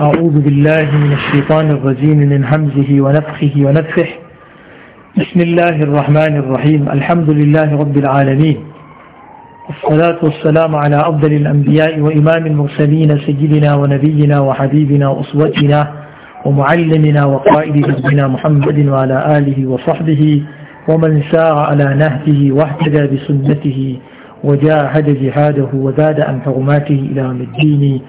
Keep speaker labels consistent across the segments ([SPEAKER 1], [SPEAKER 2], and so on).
[SPEAKER 1] أعوذ بالله من الشيطان الرجيم من همزه ونفخه ونفخه بسم الله الرحمن الرحيم الحمد لله رب العالمين والصلاة والسلام على أفضل الأنبياء وإمام المرسلين سيدنا ونبينا وحبيبنا وأسوتنا ومعلمنا وقائد ربنا محمد وعلى آله وصحبه ومن سار على نهجه واهتدى بسنته وجاهد جهاده وزاد عن حرماته إلى الدين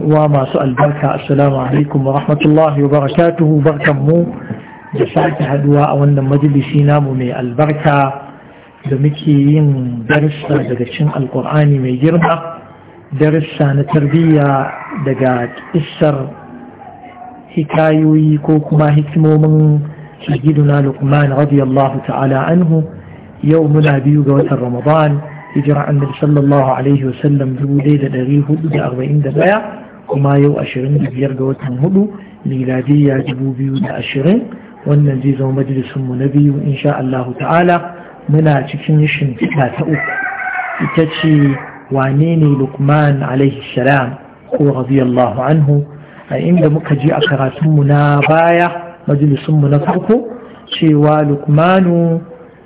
[SPEAKER 1] uwa masu albarka assalamu alaikum wa rahmatullahi wa barakatuhu barkanmu da sake haduwa a wannan majalisi namu mai albarka da muke yin darussa daga cin alkur'ani mai girma darussa na tarbiyya daga isar hikayoyi ko kuma hikimomin sayyiduna lukman radiyallahu ta'ala anhu yau muna biyu ga watan ramadan hijira annabi sallallahu alaihi wasallam 1441 kuma yau 25 ga watan hudu miladiyya 2020 wannan zai zama majalisunmu na biyu insha Allah ta'ala muna cikin shimfiɗa ta uku ita ce wane ne lukman alaihi salam ko radiyallahu anhu a inda muka je a karatunmu na baya majalisunmu na farko cewa lukmanu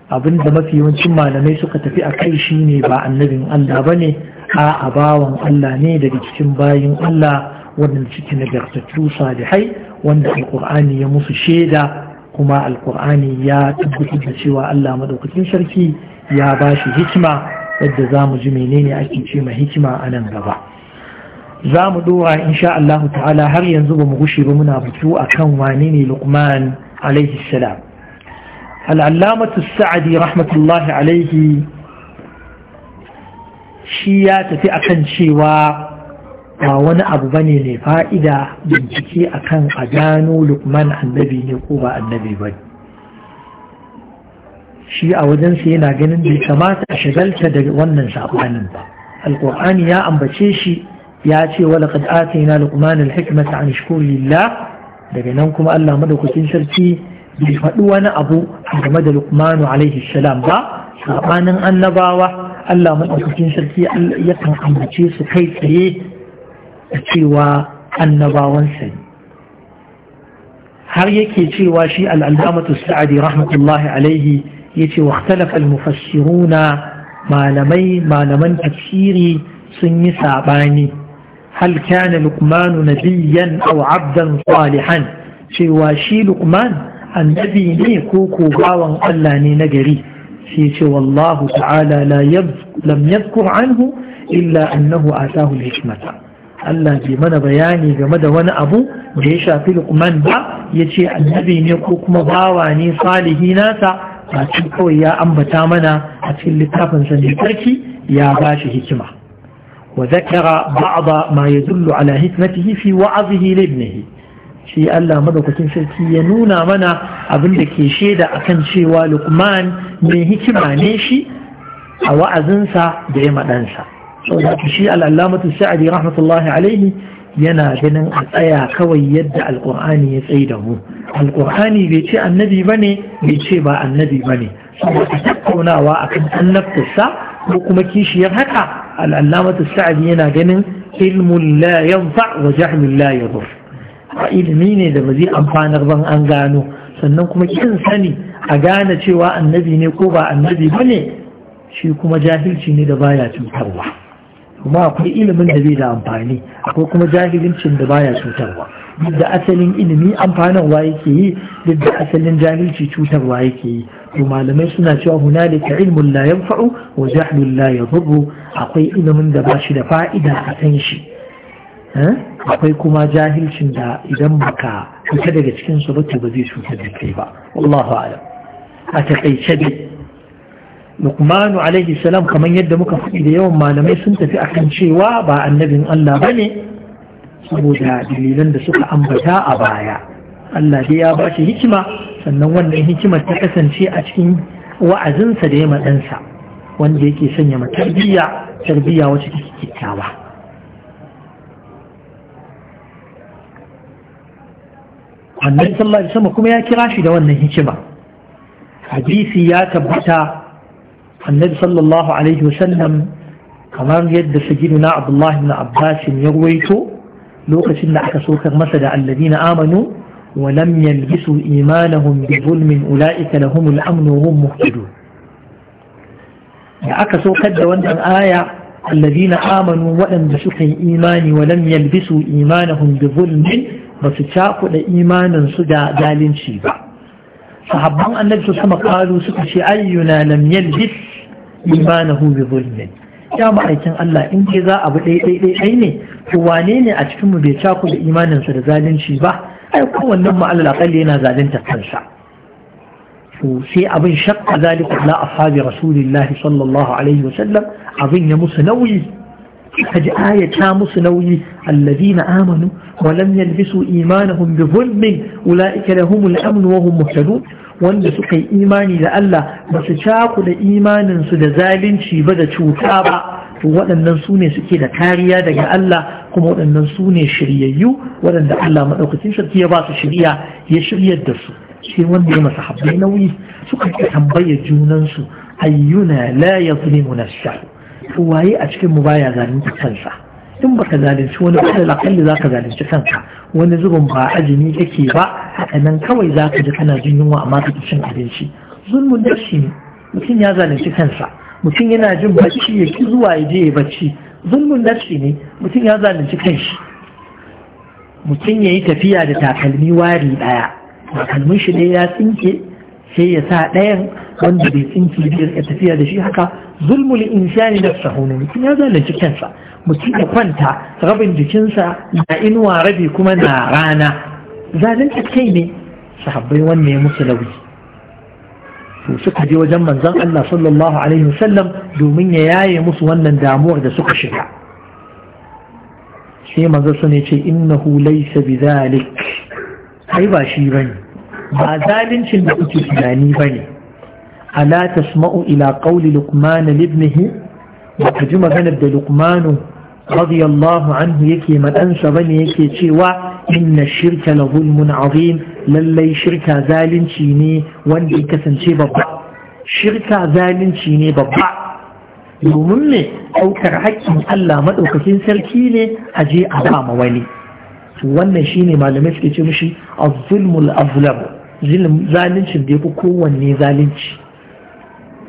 [SPEAKER 1] abinda mafi yawancin malamai suka tafi a kai shine ba annabin Allah bane a bawan Allah ne daga cikin bayin Allah wannan cikin nagartattu salihai wanda alkur'ani ya musu shaida kuma alkur'ani ya tabbatar da cewa Allah madaukakin sarki ya ba shi hikima yadda za mu ji menene ake ce ma hikima a nan gaba za mu dora insha Allah ta'ala har yanzu ba mu gushe ba muna butu akan wane ne Luqman alaihi salam al sa'adi rahmatullahi alaihi shi ya tafi a kan cewa ba wani abu bane ne fa'ida bincike akan a gano lukman annabi ne ko ba annabi ba shi a wajensa yana ganin bai kamata a shagalta da wannan sabanin ba alƙur'ani ya ambace shi ya ce wala qad atayna luqman al an shkur daga nan kuma Allah madaukakin sarki bai faɗi wani abu game da lukmanu alaihi salam ba saɓanin annabawa Allah maɗaukakin sarki yakan ambace su kai tsaye da cewa annabawansa ne har yake cewa shi al'alamatu sa'adi rahmatullahi alaihi ya ce waktalafal mufassiruna malamai malaman tafsiri sun yi saɓani hal kana lukmanu nabiyan au abdan salihan cewa shi lukman annabi ne ko ko bawan Allah ne na gari سيشي والله wallahu ta'ala lam لم anhu illa annahu أنه آتاه hikmata. Allah bai mana bayani game da wani abu da ya shafi lukman ba ya ce annabi ne ko kuma bawa ne salihi nasa ba ci kawai ya ambata mana a cikin littafinsa ne sarki ya ba shi hikima wa zakara ba'da ma yadullu ala hikmatihi fi wa'azihi libnihi shi Allah madaukakin sarki ya nuna mana abin da ke shaida akan cewa Luqman mai hikima ne shi a wa'azinsa da ya maɗansa. Saboda shi al'allamatu sa'adi rahmatullahi alaihi yana ganin a tsaya kawai yadda alƙur'ani ya tsaye da mu. Alƙur'ani bai ce annabi ba ne, bai ce ba annabi ba ne. Saboda tattaunawa akan annabtarsa ko kuma kishiyar haka al'allamatu sa'adi yana ganin ilmun la yanfa wa jahmin la yadur. ba ilimi ne da ba zai amfanar ban an gano sannan kuma kin sani a gane cewa annabi ne ko ba annabi ba ne shi kuma jahilci ne da baya cutarwa kuma akwai ilimin da bai da amfani akwai kuma jahilcin da baya cutarwa duk da asalin ilimi amfanarwa yake yi duk da asalin jahilci cutarwa yake yi to malamai suna cewa hunalika ilmun la yanfa'u wa jahlun la yadurru akwai ilimin da ba shi da fa'ida a san shi Eh? akwai kuma jahilcin da idan baka fita daga cikin su ba ba zai cutar da kai ba wallahu a'lam a takaice dai lukmanu alaihi salam kamar yadda muka faɗi da yawan malamai sun tafi a kan cewa ba annabin Allah bane saboda dalilan da suka ambata a baya Allah dai ya bashi hikima sannan wannan hikimar ta kasance a cikin wa'azinsa da ya matsansa wanda yake sanya ma tarbiyya tarbiyya wacce take kyakkyawa annabi sallallahu alaihi wasallam kuma ya kira shi da wannan hikima hadisi ya tabbata annabi sallallahu alaihi wasallam kamar yadda na abdullahi ibn abbas ya ruwaito lokacin da aka sokar masa da alladina amanu wa lam yalbisu imanahum bi zulmin ulaika lahum al-amn muhtadun da aka sokar da wannan aya alladina amanu waɗanda suka yi imani wa lam yalbisu imanahum bi zulmin ba su cakuɗa imaninsu da zalunci ba sahabban annabi su sama kalu suka ce ayyuna lam yalbis imanahu bi zulmin ya ma'aikin Allah in ke za abu ɗai ɗai ɗai ne to wane ne a cikin mu bai cakuɗa imaninsa da zalunci ba ai kowannen mu Allah kalli yana zalunta kansa to sai abin shakka zalika la ashabi rasulillahi sallallahu alaihi wa sallam abin ya musu nauyi kaji aya ta musu nauyi allazina amanu wa lam yalbisu imanahum bi zulmin ulaika lahumul amn wa hum muhtadun wanda suka yi imani da Allah ba su cakuda imanin su da zalunci ba da cuta ba to waɗannan su ne suke da kariya daga Allah kuma waɗannan su ne shiryayyu waɗanda Allah maɗaukacin sarki ya ba su shirya ya shiryar da su sai wanda ya masa habbai nauyi suka tambaye junansu ayyuna la yazlimu nafsahu waye a cikin mu baya zalunci kansa in baka zalunci wani alal za zaka zalunci kanka wani zubin ba ajini yake ba haka nan kawai za ka ji kana jin yunwa amma kake cin abinci zulmun nafsi ne mutum ya zalunci kansa mutum yana jin bacci ya ki zuwa ya je ya bacci zulmun nafsi ne mutum ya zalunci kanshi mutum ya yi tafiya da takalmi wari daya takalmin shi ne ya tsinke sai ya sa ɗayan wanda bai tsinci biyar ya tafiya da shi haka zulmul insani da sahuna mutum ya zalunci kansa mutum ya kwanta rabin jikinsa na inuwa rabi kuma na rana zalunci kai ne sahabbai wannan ya musu nauyi to suka je wajen manzon Allah sallallahu alaihi wasallam domin ya yaye musu wannan damuwar da suka shiga sai manzon sun ce innahu laysa bidhalik ai ba shi bane ba zalincin da kuke tunani ba ne ala ila qawli luqman libnihi ba ka ji maganar da luqmanu radiyallahu anhu yake madansa bane yake cewa inna shirka la zulmun azim lallai shirka zalunci ne wanda ya kasance babba shirka zalunci ne babba domin ne ɗaukar haƙƙin Allah maɗaukakin sarki ne a je a ba ma wani wannan shine malamai suke ce mishi az-zulmul azlam zalincin da ya fi kowanne zalunci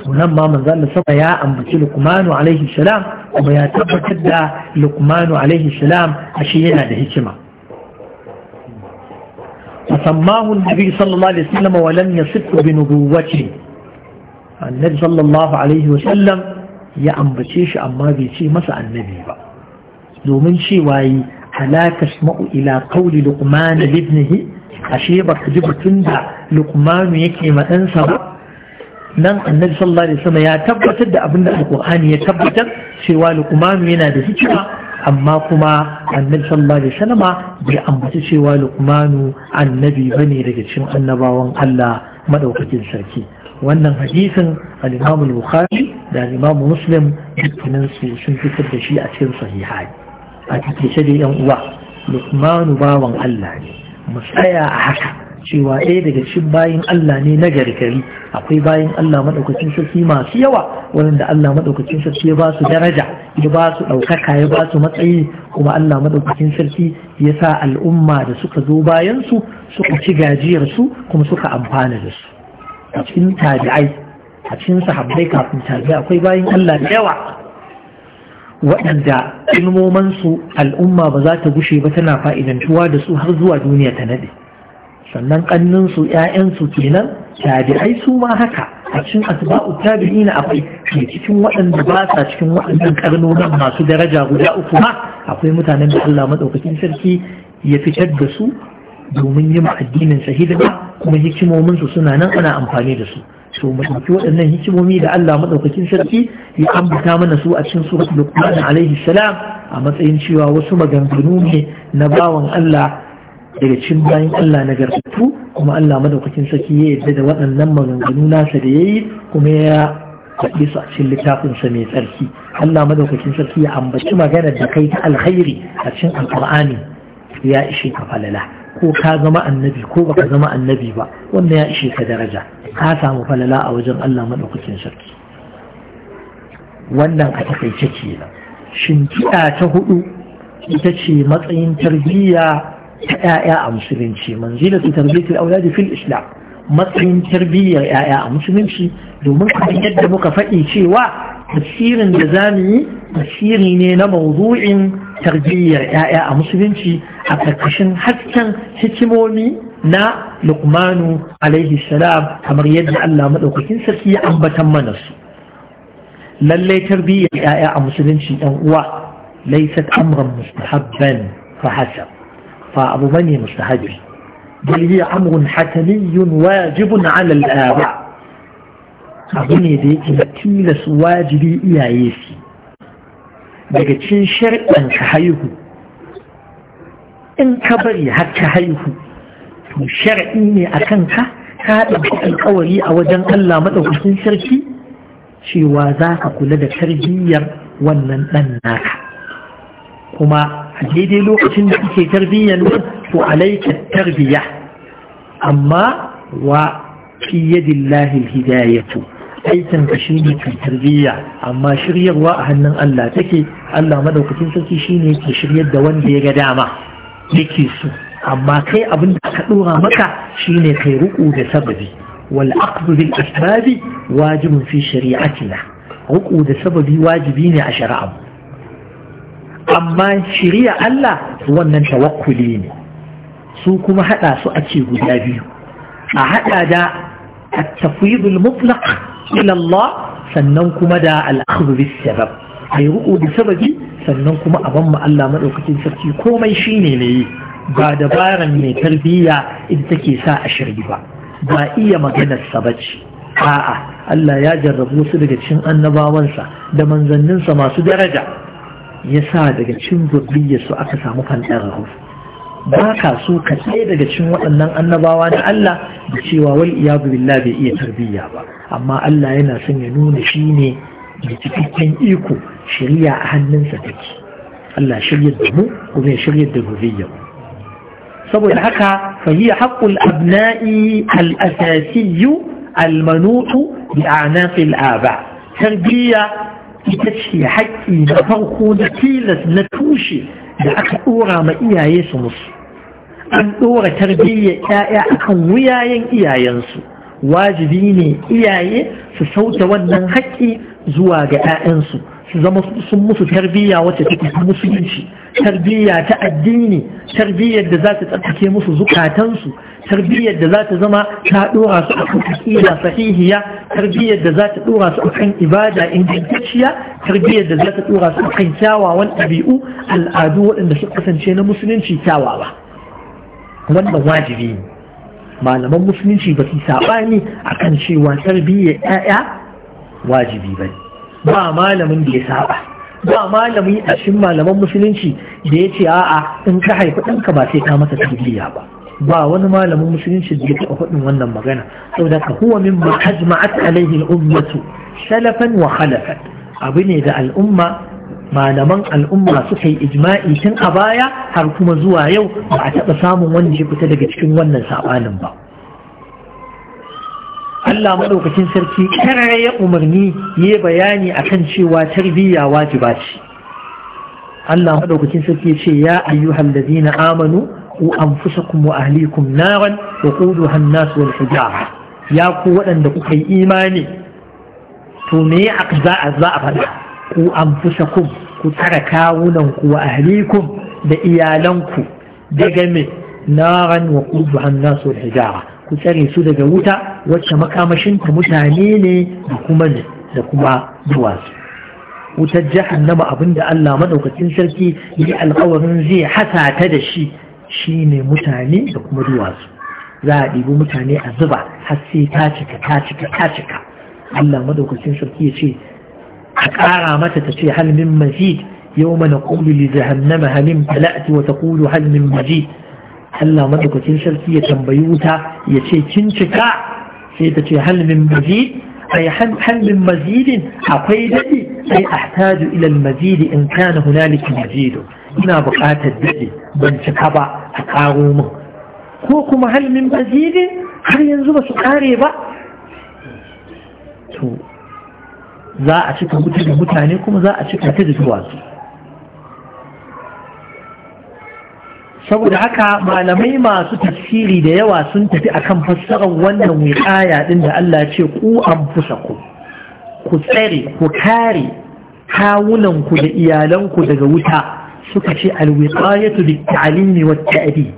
[SPEAKER 1] sunan ma manzo Allah sama ya ambaci Luqmanu alaihi salam kuma ya tabbatar da Luqmanu alaihi salam ashe yana da hikima فسماه النبي صلى الله عليه وسلم ولم يصف بنبوته النبي صلى الله عليه وسلم يا أنبتيش أما بيتي مسع النبي بقى دومن شي واي ألا تسمع إلى قول لقمان لابنه ashe ba ka ji batun da lukmanu yake matsansa ba nan annabi sallallahu alaihi wasallam ya tabbatar da abin da alqur'ani ya tabbatar cewa lukmanu yana da hikima amma kuma annabi sallallahu alaihi wasallam bai ambaci cewa lukmanu annabi bane daga cikin annabawan Allah madaukakin sarki wannan hadisin al-Imam al-Bukhari da al-Imam Muslim dukkanin su sun fitar da shi a cikin sahihai a cikin shi da yan uwa lukmanu bawan Allah ne mu tsaya a haka cewa ɗaya daga cikin bayan Allah ne na gargari akwai bayan Allah maɗaukacin sarki masu yawa waɗanda Allah maɗaukacin sarki ya ba su daraja ya ba su ɗaukaka ya ba su matsayi kuma Allah maɗaukacin sarki ya sa al'umma da suka zo bayan su suka ci gajiyar su kuma suka amfana da su a cikin tabi'ai a cikin sahabbai kafin tabi'ai akwai bayan Allah da yawa waɗanda ilmomansu al'umma ba za ta gushe ba tana fa'idantuwa da su har zuwa duniya ta nade sannan ƙanninsu ‘ya'yansu kenan tabi'ai su ma haka a cikin asba'u tabi'ina akwai ke cikin waɗanda ba sa cikin waɗannan ƙarnonan masu daraja guda uku ma akwai mutanen da Allah maɗaukakin sarki ya fitar da su domin yi addinin sa hidima kuma hikimominsu suna nan ana amfani da su to mu waɗannan hikimomi da Allah maɗaukakin sarki ya ambata mana su a cikin surat Luqman alayhi salam a matsayin cewa wasu maganganu ne na bawan Allah daga cikin bayan Allah na gartattu kuma Allah maɗaukakin sarki ya yarda da waɗannan maganganu nasa da yayi kuma ya faɗi su a cikin littafinsa mai tsarki Allah maɗaukakin sarki ya ambaci maganar da kai ta alkhairi a cikin alƙur'ani ya ishe ka falala ko ka zama annabi ko baka zama annabi ba wannan ya ishe ka daraja ka samu falala a wajen Allah maɗaukacin sarki wannan a takaice kenan shimfiɗa ta hudu ita ce matsayin tarbiyya ta 'ya'ya a musulunci manzila ta tarbiyyatul auladi fil islam matsayin tarbiyyar 'ya'ya a musulunci domin kamar yadda muka faɗi cewa tafsirin da zamu yi tafsiri ne na mawdu'in tarbiyyar 'ya'ya a musulunci a ƙarƙashin hasken hikimomi na lukmanu alaihi salam kamar yadda Allah maɗaukakin sarki ya ambatan mana su lallai tarbiyyar 'ya'ya a musulunci ɗan uwa Laisat amran mustahabban fa hasab fa abu bane mustahabi bal hiya amrun hatamiyyun wajibun ala al-aba abu ne da yake tilas wajibi iyaye shi. daga cin sharɗan ka haihu in ka bari har ka haihu to shar'i ne a kanka ka ɗauki alkawari a wajen Allah maɗaukakin sarki cewa za ka kula da tarbiyyar wannan ɗan naka kuma a daidai lokacin da kake tarbiyyar nan to alaika tarbiyya amma wa fi yadillahi hidayatu aikin ka shine ka tarbiyya amma shiryarwa a hannun Allah take Allah madaukakin sarki shine yake shiryar da wanda ya ga dama yake so amma kai abin da aka dora maka shine kai ruku da sababi wal aqd bil asbab wajibun fi shari'atina ruku da sababi wajibi ne a shari'a amma shiriya Allah wannan tawakkuli ne su kuma hada su ake guda biyu a hada da التفويض المطلق إلى الله سننكم دا الأخذ بالسبب أي رؤو بسبب سننكم أضم ألا مدوكة سبتي كومي شيني لي بعد بارا من تربية إنتكي ساعة شريبة ba iya maganarsa bacci. a'a Allah ya jarrabu wasu daga cikin annabawansa da manzanninsa masu daraja sa daga cikin zurriyarsu aka samu fandararru ba ka so ka tsaye daga cikin waɗannan annabawa na Allah da cewa wal iyadu billah bai iya tarbiyya ba amma Allah yana son ya nuna shi ne da cikakken iko shari'a a hannunsa take Allah shirya da mu kuma ya shirya da zuriyar saboda haka fa hiya haqqul abna'i al-asasiy al-manu'u bi a'naqil aba tarbiyya ita ce haƙƙi na farko da tilas na tushe da aka ɗora ma iyaye su musu an ɗora tarbiyyar ‘ya'ya a kan wuyayen iyayensu wajibi ne iyaye su sauta wannan haƙƙi zuwa ga ‘ya'yansu su zama sun musu tarbiyya wacce take musulunci tarbiyya ta addini tarbiyyar da za ta tsarkake musu zukatansu tarbiyyar da za ta zama ta ɗora su akan aƙida sahihiya tarbiyyar da za ta ɗora su akan ibada ingantacciya tarbiyyar da za ta ɗora su akan kyawawan ɗabi'u al'adu waɗanda suka kasance na musulunci kyawawa wannan wajibi ne malaman musulunci ba su saɓani a kan cewa tarbiyyar ‘ya'ya wajibi ba ba malamin da ya saba ba malami a malaman musulunci da ya ce a'a in ka haifi ɗanka ba sai ka masa tarbiyya ba ba wani malamin musulunci da ya taɓa faɗin wannan magana saboda ka huwa min maajma'at alaihi al'ummatu salafan wa khalafan abu ne da al'umma malaman al'umma suka yi ijma'i tun a baya har kuma zuwa yau ba a taɓa samun wanda ya fita daga cikin wannan saɓanin ba Allah maɗaukacin sarki karare ya umarni ya bayani a kan cewa tarbiyya wajiba ce Allah maɗaukacin sarki ce ya ayyuhal ladina amanu ku fusa kuma ahlikum naran da kudu an-nas hijara ya ku waɗanda kuka yi imani to me a za a faɗa ku anfusakum ku tara kawunan ku wa ahlikum da iyalanku daga me naran wa qudha an hijara ku tsare su daga wuta wacce makamashin ta mutane ne da kuma ne da kuma duwatsu wutar jahannama abinda Allah madaukakin sarki yi alkawarin zai hasata da shi shine mutane da kuma duwatsu za a ɗibi mutane a zuba har sai ta cika ta cika ta cika Allah madaukakin sarki ya ce a ƙara mata tace halmin hal min mazid yau mana ƙulu li jahannama halin tala'ati wa taqulu hal min mazid Allah madaukakin sarki ya tambayi wuta ya ce kin cika sai ta ce hal min mazid أي هل من مزيد عقيدتي أي أحتاج إلى المزيد إن كان هنالك مزيد ba بقات الدلي بل شكبا أقاومه كوكما هل من مزيد هل ينزل سكاري بقى za a cika mutu da mutane kuma za a cika ta da duwatsu saboda haka malamai masu tafsiri da yawa sun tafi akan fassarar wannan wiƙaya ɗin da Allah ce ku an fusa ku ku tsare ku kare kawunanku da iyalanku daga wuta suka ce alwiƙayatu lit-ta'limi wat-ta'dib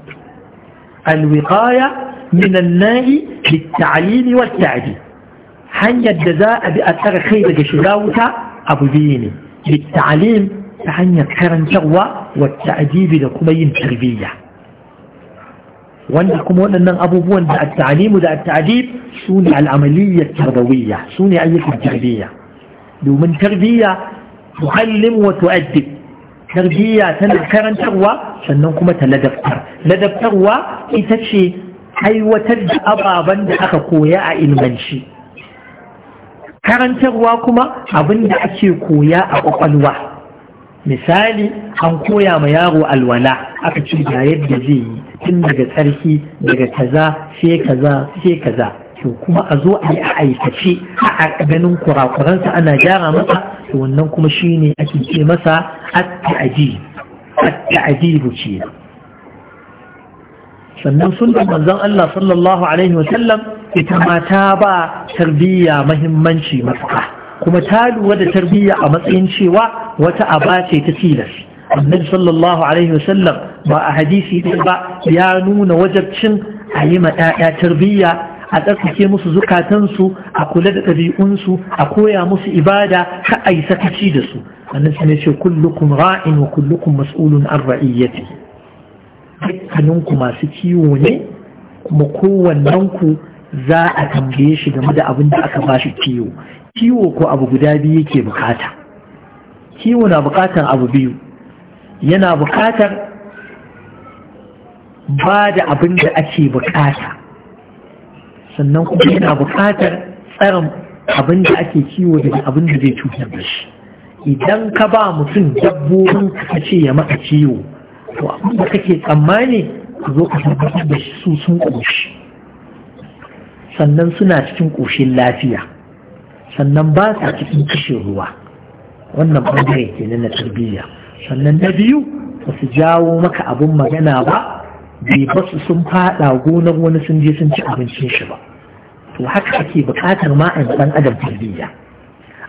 [SPEAKER 1] alwiqaya min an-nahi lit-ta'limi wat hanyar da za a bi a tsara kai daga shiga wuta abu biyu ne littalim ta hanyar karantarwa wata ajibi da kuma yin tarbiyya wanda kuma waɗannan abubuwan da at-ta'limu da at-ta'dib su ne al'amaliyyar tarbawiyya su ne ayyukan tarbiyya domin tarbiyya muhallin wato tu'addib tarbiyya tana karantarwa sannan kuma ta ladabtar ladabtarwa ita ce aiwatar da ababen da aka koya a ilmanci karantarwa kuma abin da ake koya a ƙwaƙwalwa. misali an koya ma yaro alwala aka ce ga yadda zai yi tun daga tsarki daga kaza sai kaza sai kaza to kuma a zo a yi a aikace a ganin kurakuransa ana gyara masa to wannan kuma shine ake ce masa at-ta'dib at ce sannan sunan manzon Allah sallallahu alaihi wasallam ita ma ta ba tarbiyya mahimmanci matuƙa kuma ta lura da tarbiyya a matsayin cewa wata aba ce ta tilas annabi sallallahu alaihi wasallam ba a hadisi ɗin ba ya nuna wajabcin a yi ma ɗaya tarbiyya a tsarkake musu zukatansu a kula da ɗabi'unsu a koya musu ibada ka a yi sakaci da su annabi ne ce kullukum ra'in wa kullukum mas'ulun an ra'iyyati dukkaninku masu kiwo ne kuma kowannenku za a tambaye shi game da abin da aka ba shi kiwo kiwo ko abu guda biyu yake bukata kiwo na bukatar abu biyu yana bukatar ba da abin da ake bukata sannan kuma yana bukatar tsarin abin da ake kiwo daga abin da zai cutar da shi idan ka ba mutum dabbobin ka ce ya maka kiwo to abin da kake tsammani ku zo ka tabbatar da su sun ƙoshi sannan suna cikin ƙoshin lafiya sannan ba sa cikin kashe ruwa wannan ɓangare ke na tarbiyya sannan na biyu ba su jawo maka abin magana ba bai basu sun faɗa gonar wani sun je sun ci abincin shi ba to haka ake buƙatar ma a ɗan adam tarbiyya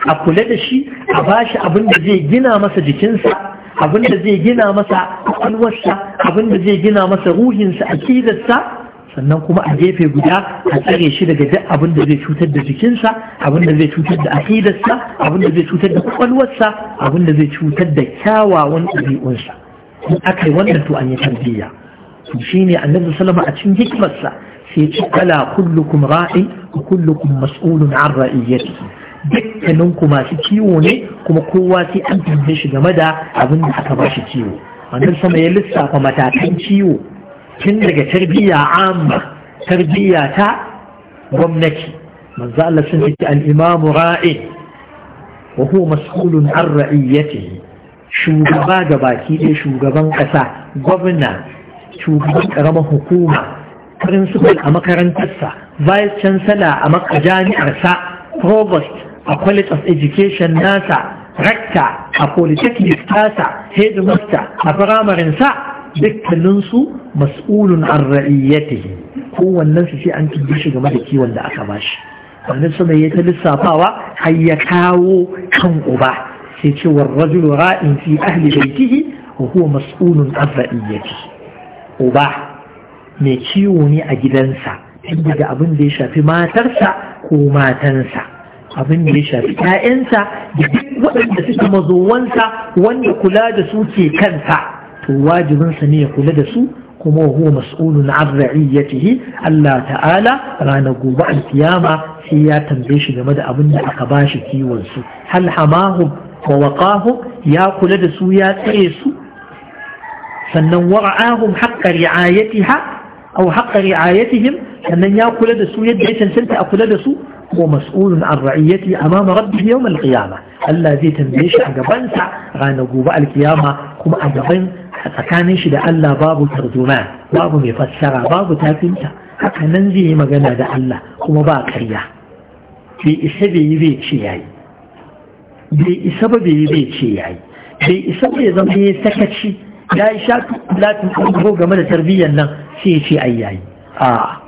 [SPEAKER 1] a kula da shi a ba shi abin da zai gina masa jikinsa abin da zai gina masa kwakwalwarsa abin da zai gina masa ruhinsa akidarsa sannan kuma a gefe guda a tsare shi daga duk abin da zai cutar da jikinsa abin da zai cutar da akidarsa abin da zai cutar da kwakwalwarsa abin da zai cutar da kyawawan ɗabi'unsa in aka yi wannan to an yi tarbiyya shi ne annabi salama a cikin hikimarsa sai ce ala kullukum ra'i wa kullukum mas'ulun an ra'iyyatihi dukkanin ku masu kiwo ne kuma kowa sai an tambaye shi game da abin da aka ba shi kiwo wannan sama ya lissafa matakan kiwo tun daga tarbiyya amma tarbiyya ta gwamnati manzo Allah sun ce al-imamu ra'in wa huwa mas'ulun an ra'iyatihi shugaba ga baki ne shugaban kasa. gwamna shugaban ƙaramar hukuma principal a makarantarsa vice chancellor a jami'arsa provost a college of education nasa Rector. a polytechnic nasa. headmaster a firamarinsa dukkaninsu mas'ulun an ra'iyyatihi kowannen su sai an tuba shi game da kiwon da aka bashi wannan sama ya ta lissafawa har ya kawo kan uba sai ce wa rajulu ra'in fi ahli baitihi wa huwa mas'ulun an ra'iyyatihi uba mai ciwo ne a gidansa inda da abin da ya shafi matarsa ko matansa abin da ya shafi ƴaƴansa da waɗanda suke mazowansa wanda kula da su ke kansa to wajibinsa ne ya kula da su kuma huwa mas'ulun an ra'iyatihi Allah ta'ala ranar gobe alkiyama sai ya tambaye shi game da abin da aka bashi kiwon su hal hamahu wa waqahu ya kula da su ya tsare su sannan wara'ahum haqqa ri'ayatiha aw haqqa ri'ayatihim sannan ya kula da su yadda ya cancanta a kula da su هو مسؤول عن رعيته أمام ربه يوم القيامة ألا زي تنبيش أقبنسع غانا قوباء Kuma a gaban tsakanin shi da Allah babu tarjuma babu mai fassara babu tafinta haka nan zai yi magana da Allah kuma ba karya bai isa bai yi bai ce yayi bai isa ba bai yi bai ce yayi bai isa bai zama ya sakaci ya yi sha latin ko game da tarbiyyar nan sai ya ce ai yayi a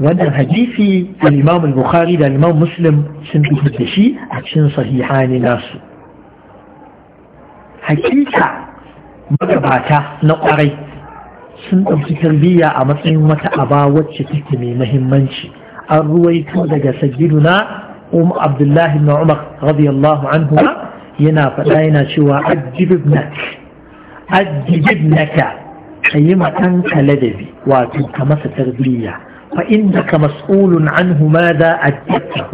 [SPEAKER 1] wannan hadisi al-imam al-bukhari da al-imam muslim sun fitar da shi a cikin sahihani nasu hakika magabata na kwarai sun ɗauki tarbiyya a matsayin wata aba wacce take mai mahimmanci an ruwaito daga sajiduna um abdullahi ibn umar radiyallahu anhu yana faɗa yana cewa ajibnak ajibnaka kayi ma ladabi wato ka masa tarbiyya فإنك مسؤول عنه ماذا أدبته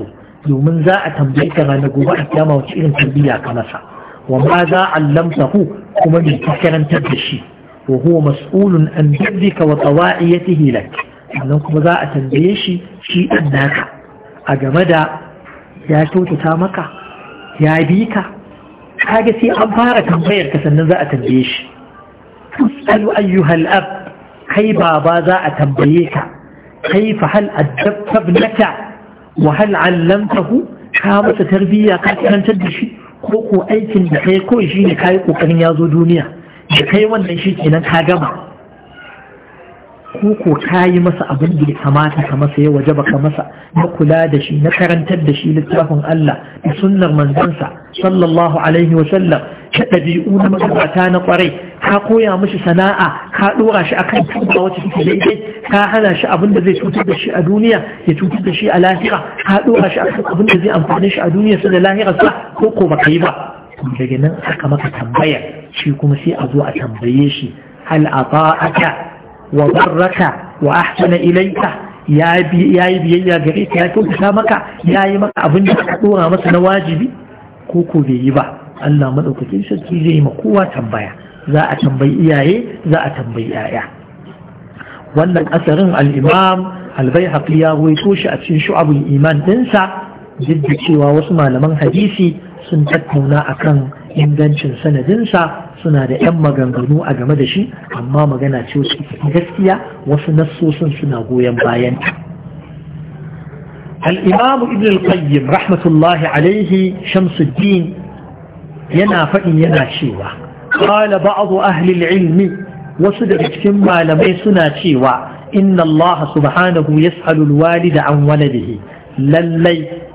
[SPEAKER 1] يومن ذا أتنبيك ما نقول أحد ياما وشئين تربية كمسا وماذا علمته كما نتكنا تدشي وهو مسؤول عن ذلك وطواعيته لك أنك ماذا أتنبيشي شيء أنك أجمد يا توت تامك يا بيك حاجة سي أبارة تنبير كسن ذا أتنبيشي تسأل أيها الأب كي بابا ذا أتنبيكي kaifa hal addabta ibnaka wa hal allamtahu ka masa tarbiyya ka karantar da shi ko ko aikin da kai kawai shine kai ƙoƙarin ya zo duniya da kai wannan shi kenan ka gama ko kayi yi masa abin da ya kamata ka masa ya waje baka masa na kula da shi na karantar da shi littafin Allah da sunnar manzansa sallallahu alaihi wa sallam ka ɗabi'u na magabata na kwarai ka koya mishi sana'a ka ɗora shi akan tuba wacce take daidai ka hana shi abin da zai cutar da shi a duniya ya cutar da shi a lahira ka ɗora shi akan abin da zai amfani shi a duniya su da lahira sa ko ko baka yi ba daga nan aka maka tambaya shi kuma sai a zo a tambaye shi hal ata'aka wa barraka wa ahsana ilayka ya biyayya gare ka ya kyautata maka ya yi maka abin da ka dora masa na wajibi ko ko bai yi ba Allah madaukakin sarki zai yi ma kowa tambaya za a tambayi iyaye za a tambayi yaya wannan asarin al-imam al-baihaqi ya ruwaito shi a cikin shu'abul iman dinsa duk cewa wasu malaman hadisi sun tattauna akan ingancin sanadinsa suna da 'yan maganganu a game da shi amma magana ce wasu gaskiya wasu nassosin suna goyon bayan Al-Imamu ibn al-qayyim rahmatullahi alaihi shamsuddin yana faɗin yana cewa ƙala ba'adu ahlil ilmi wasu daga cikin malamai suna cewa inna allaha subhanahu yas'alul walida an waladihi lallai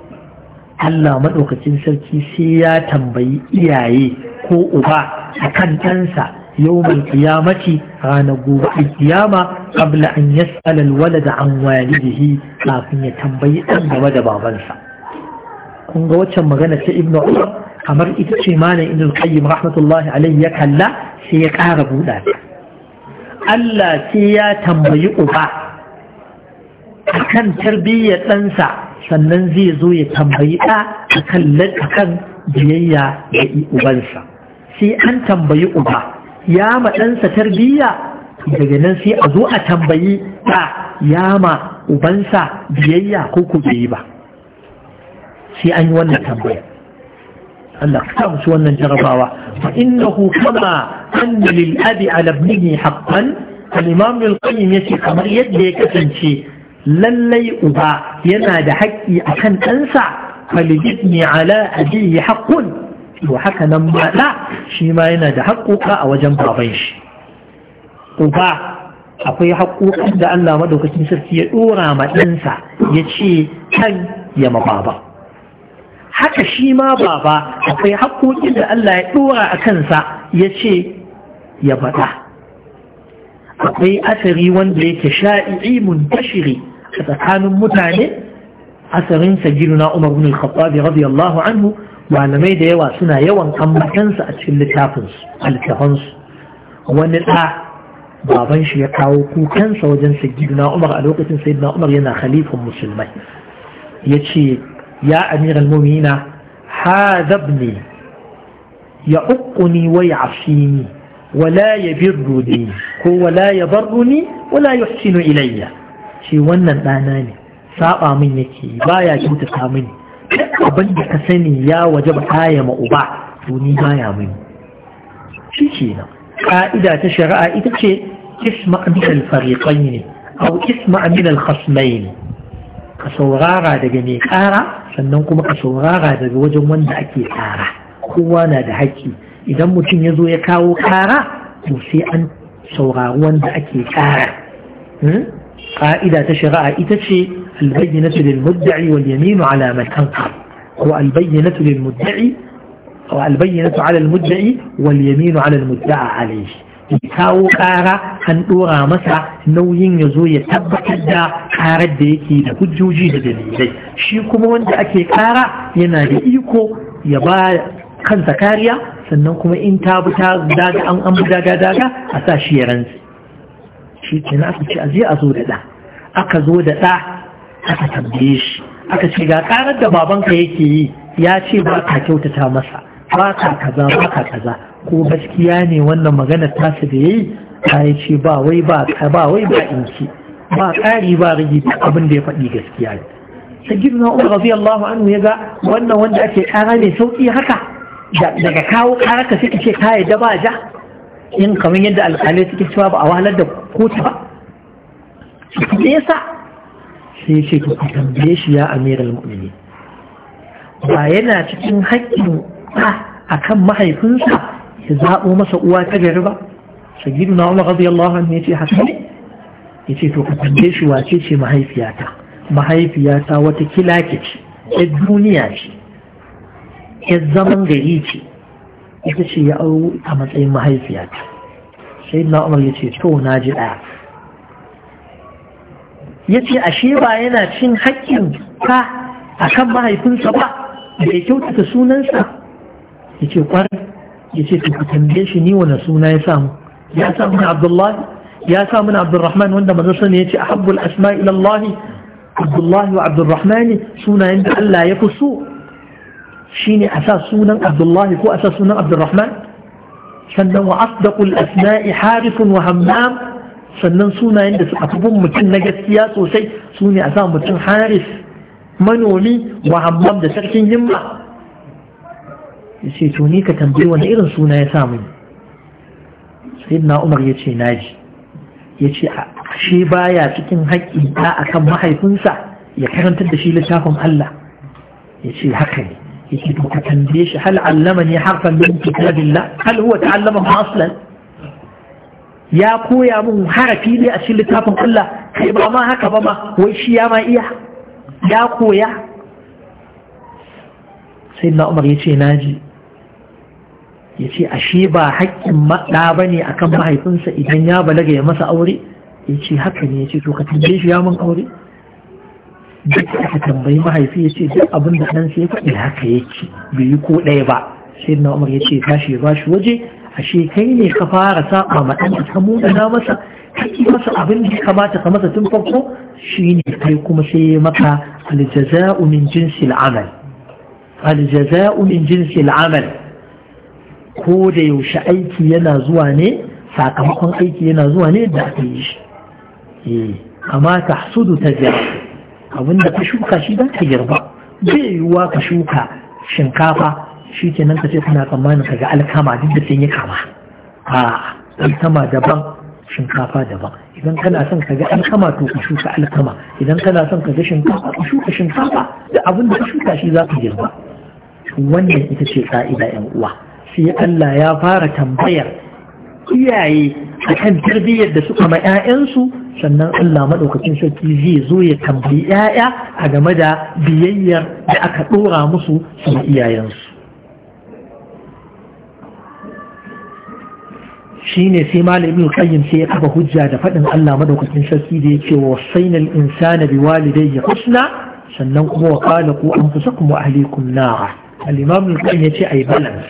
[SPEAKER 1] Allah maɗaukacin sarki sai ya tambayi iyaye ko uba a kan ɗansa yau mai kiyamaci ranar gobe kiyama kabla an yas'al da an walidihi kafin ya tambayi ɗan gaba da babansa kun ga waccan magana ta ibnu umar kamar ita ce malam ibnu qayyim rahmatullahi alayhi ya kalla sai ya ƙara buɗa Allah sai ya tambayi uba kan tarbiyyar ɗansa sannan zai zo ya tambayi ɗa a kan biyayya ubansa sai an tambayi uba ya ma ɗansa tarbiyya daga nan sai a zo a tambayi ɗa ya ma ubansa biyayya ko ku yi ba sai an yi wannan tambaya Allah ka musu wannan jarabawa fa innahu kama anna lil abi ala ibnihi haqqan al-imam al-qayyim yace kamar yadda ya kasance lallai uba yana da haƙƙi a kan ɗansa falijibni ala abiyi haƙƙun to haka nan maɗa shi ma yana da haƙƙoƙa a wajen baban shi uba akwai haƙƙoƙan da Allah madaukakin sarki ya ɗora ma ɗansa ya ce kan ya baba haka shi ma baba akwai haƙƙoƙin da Allah ya ɗora a kansa ya ce ya baɗa akwai asiri wanda yake sha'i'i muntashiri شتحان متاني أسرين سجلنا عمر بن الخطاب رضي الله عنه وأنا ميدا يوا سنا يوا أما تنسى أتشل تافنس على تافنس وأن الأع بابن شيكاو كو كان سوجا سجلنا عمر على وقت سيدنا عمر ينا خليفة مسلمين يتشي يا أمير المؤمنين هذا ابني يعقني ويعصيني ولا يبرني لي هو لا يبرني ولا يحسن إليّ ce wannan ɗana ne saba min yake baya kyautata mini abin da ka sani ya waje ba kaya ma uba to ni ya mini shi ce ta shari'a ita ce isma min al ne aw isma min al ne. ka saurara daga mai kara sannan kuma ka saurara daga wajen wanda ake kara kowa na da haƙƙi idan mutum ya zo ya kawo kara to sai an saurari wanda ake ƙara. Hmm? قائدة شرع إتشي البينة للمدعي واليمين على ما تنقر هو البينة للمدعي أو البينة على المدعي واليمين على المدعى عليه kawo ƙara an ɗora masa nauyin ya zo ya tabbatar da ƙarar da yake da hujjoji da dalilai shi kuma wanda ake ƙara yana da iko ya ba kansa kariya sannan kuma in ta buta daga an an daga daga a sa shi ya rantsi shi ke na aka ce a zai a zo da ɗa aka zo da ɗa aka tambaye shi aka ce ga ƙarar da babanka yake yi ya ce ba ka kyautata masa ba ka kaza ba ka kaza ko gaskiya ne wannan maganar tasa da yayi ta yi ce ba wai ba ba wai ba ba ƙari ba rigi abin da ya faɗi gaskiya ne sayyidina Umar radiyallahu anhu ya ga wannan wanda ake ƙara mai sauƙi haka daga kawo ƙara ka sai ce ka yadda ba ja in kamar yadda alƙalai suke cewa ba a wahalar da kotu ba ya sa. sai ce ku tambaye shi ya amiral mu'mini ba yana cikin haƙƙin a akan mahaifinsa ya zaɓo masa uwa ta gari ba sagidu na umar allah ne ce haka ne ce to ku tambaye shi wace ce mahaifiyata mahaifiyata wata kilaki ce ya duniya ce ya zaman gari ce ita ce ya auro a matsayin mahaifiyata sai na umar ya ce to na ji ɗaya ya ce ashe ba yana cin haƙƙin ka a kan mahaifinsa ba bai kyautata sunansa ya ce kwarai ya ce ku tambaye shi ni wani suna ya samu ya samu na abdullahi ya samu na abdurrahman wanda maza sani ya ce a habbul asma abdullahi wa abdurrahman sunayen da Allah ya fi so shine a sa sunan abdullahi ko a sa sunan abdurrahman sannan wa asdaqul asma'i harifun wa hammam sannan sunayen da suka bin mutum na gaskiya sosai su ne a sa mutum haris manomi wa hammam da sarkin himma yace to ni ka tambayi wani irin suna ya sa mini sayyidina umar yace naji yace shi baya cikin haƙƙi a kan mahaifinsa ya karantar da shi littafin Allah yace haka ne yake to ka tambaye shi hal allama ne harfan min kitabillah hal huwa ta'allama ya koya mun harafi ne a cikin littafin Allah kai ba ma haka ba ma wai shi ya ma iya ya koya sai na umar ya ce naji ya ce ashe ba hakkin maɗa ba ne akan mahaifinsa idan ya balaga ya masa aure ya ce ne ya ce shi ya mun aure duk aka tambayi mahaifi ya ce duk abin da ɗansa ya faɗi haka yake bai yi ko ɗaya ba sai na umar ya ce tashi ya bashi waje ashe kai ne ka fara saba ma ɗan ka muna masa ka yi masa abin da kamata ka masa tun farko ne kai kuma sai maka aljaza'u min jinsi al'amal aljaza'u min jinsi al'amal ko da yaushe aiki yana zuwa ne sakamakon aiki yana zuwa ne da aka yi shi eh, amma ta hasudu ta zai abin da ka shuka shi za ka girba zai yiwuwa ka shuka shinkafa shi ke nan ka ce kuna tsammanin ka ga alkama duk da sun yi kama a alkama daban shinkafa daban idan kana son ka ga alkama to ka shuka alkama idan kana son ka ga shinkafa ka shuka shinkafa da abin da ka shuka shi za ka girba wannan ita ce ka'ida yan uwa sai Allah ya fara tambayar iyaye kan tarbiyyar da suka ma 'ya'yansu sannan Allah maɗaukacin sarki zai zo ya tambayi ‘ya'ya a game da biyayyar da aka ɗora musu su iyayensu. shi ne sai malamin qayyim sai ya kafa hujja da faɗin Allah maɗaukacin sarki da ya ce wa sainal insana bi ya husna sannan kuma wa qala an anfusakum kuma ahlikum nara al-imam ya ce yi balance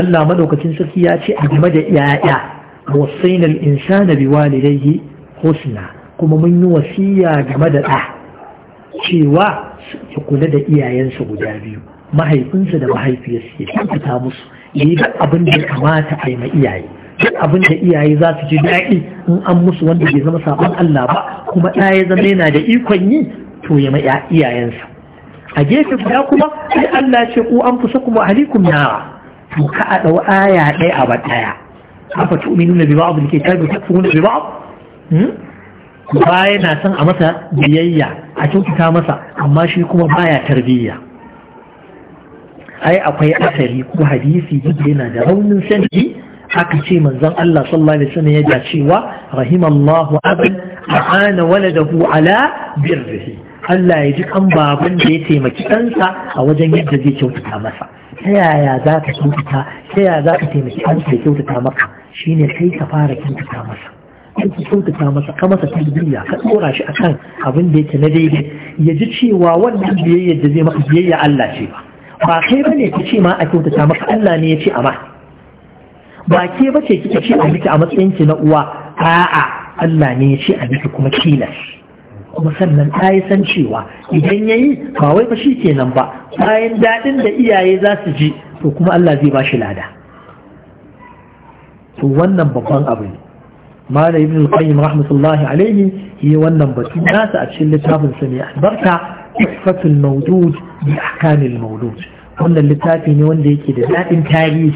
[SPEAKER 1] Allah maɗaukacin sarki ya ce a game da ‘ya'ya wa sainal insana bi walidayya husna kuma mun yi wasiya game da ɗa cewa ki kula da iyayensa guda biyu mahaifinsa da mahaifiyarsa ya kyautata musu ya yi duk abin da kamata a yi ma iyaye duk abin da iyaye za su ji daɗi in an musu wanda bai zama sabon Allah ba kuma ɗa ya zama yana da ikon yi to ya ma iyayensa a gefe guda kuma sai Allah ce ku an fusa kuma ahlikum nara to ka a ɗau aya ɗaya a ba ɗaya afa tu'minuna bi ba'd kitabi takfuruna bi ba'd Hmm? ba yana son a masa biyayya a kyautata masa amma shi kuma baya tarbiyya ai akwai asali ko hadisi duk yana da raunin sanadi aka ce manzon Allah sallallahu alaihi wasallam ya cewa rahimallahu abin a'ana waladahu ala birrihi Allah ya ji kan baban da ya taimaki ɗansa a wajen yadda zai kyautata masa ta yaya za ka kyautata ta yaya za ka taimaki ɗansa ya kyautata maka shine kai ka fara kyautata masa ka kyautata masa ka masa tarbiyya ka tsora shi akan abin da yake na daidai ya ji cewa wannan biyayya da zai maka biyayya Allah ce ba ba kai bane ka ce ma a kyautata maka Allah ne ya ce a ba ke ba ce kika ce a miki a matsayin ki na uwa a'a Allah ne ya ce a miki kuma tilas kuma sannan ta yi san cewa idan yayi ba wai ba shi kenan ba bayan daɗin da iyaye za su ji to kuma Allah zai ba shi lada to wannan babban abu ne mala ibn al-qayyim rahmatullahi alayhi yi wannan batu nasa a cikin littafin sa mai albarka ihfatul mawdud bi ahkamil mawdud wannan littafi ne wanda yake da dadin tarihi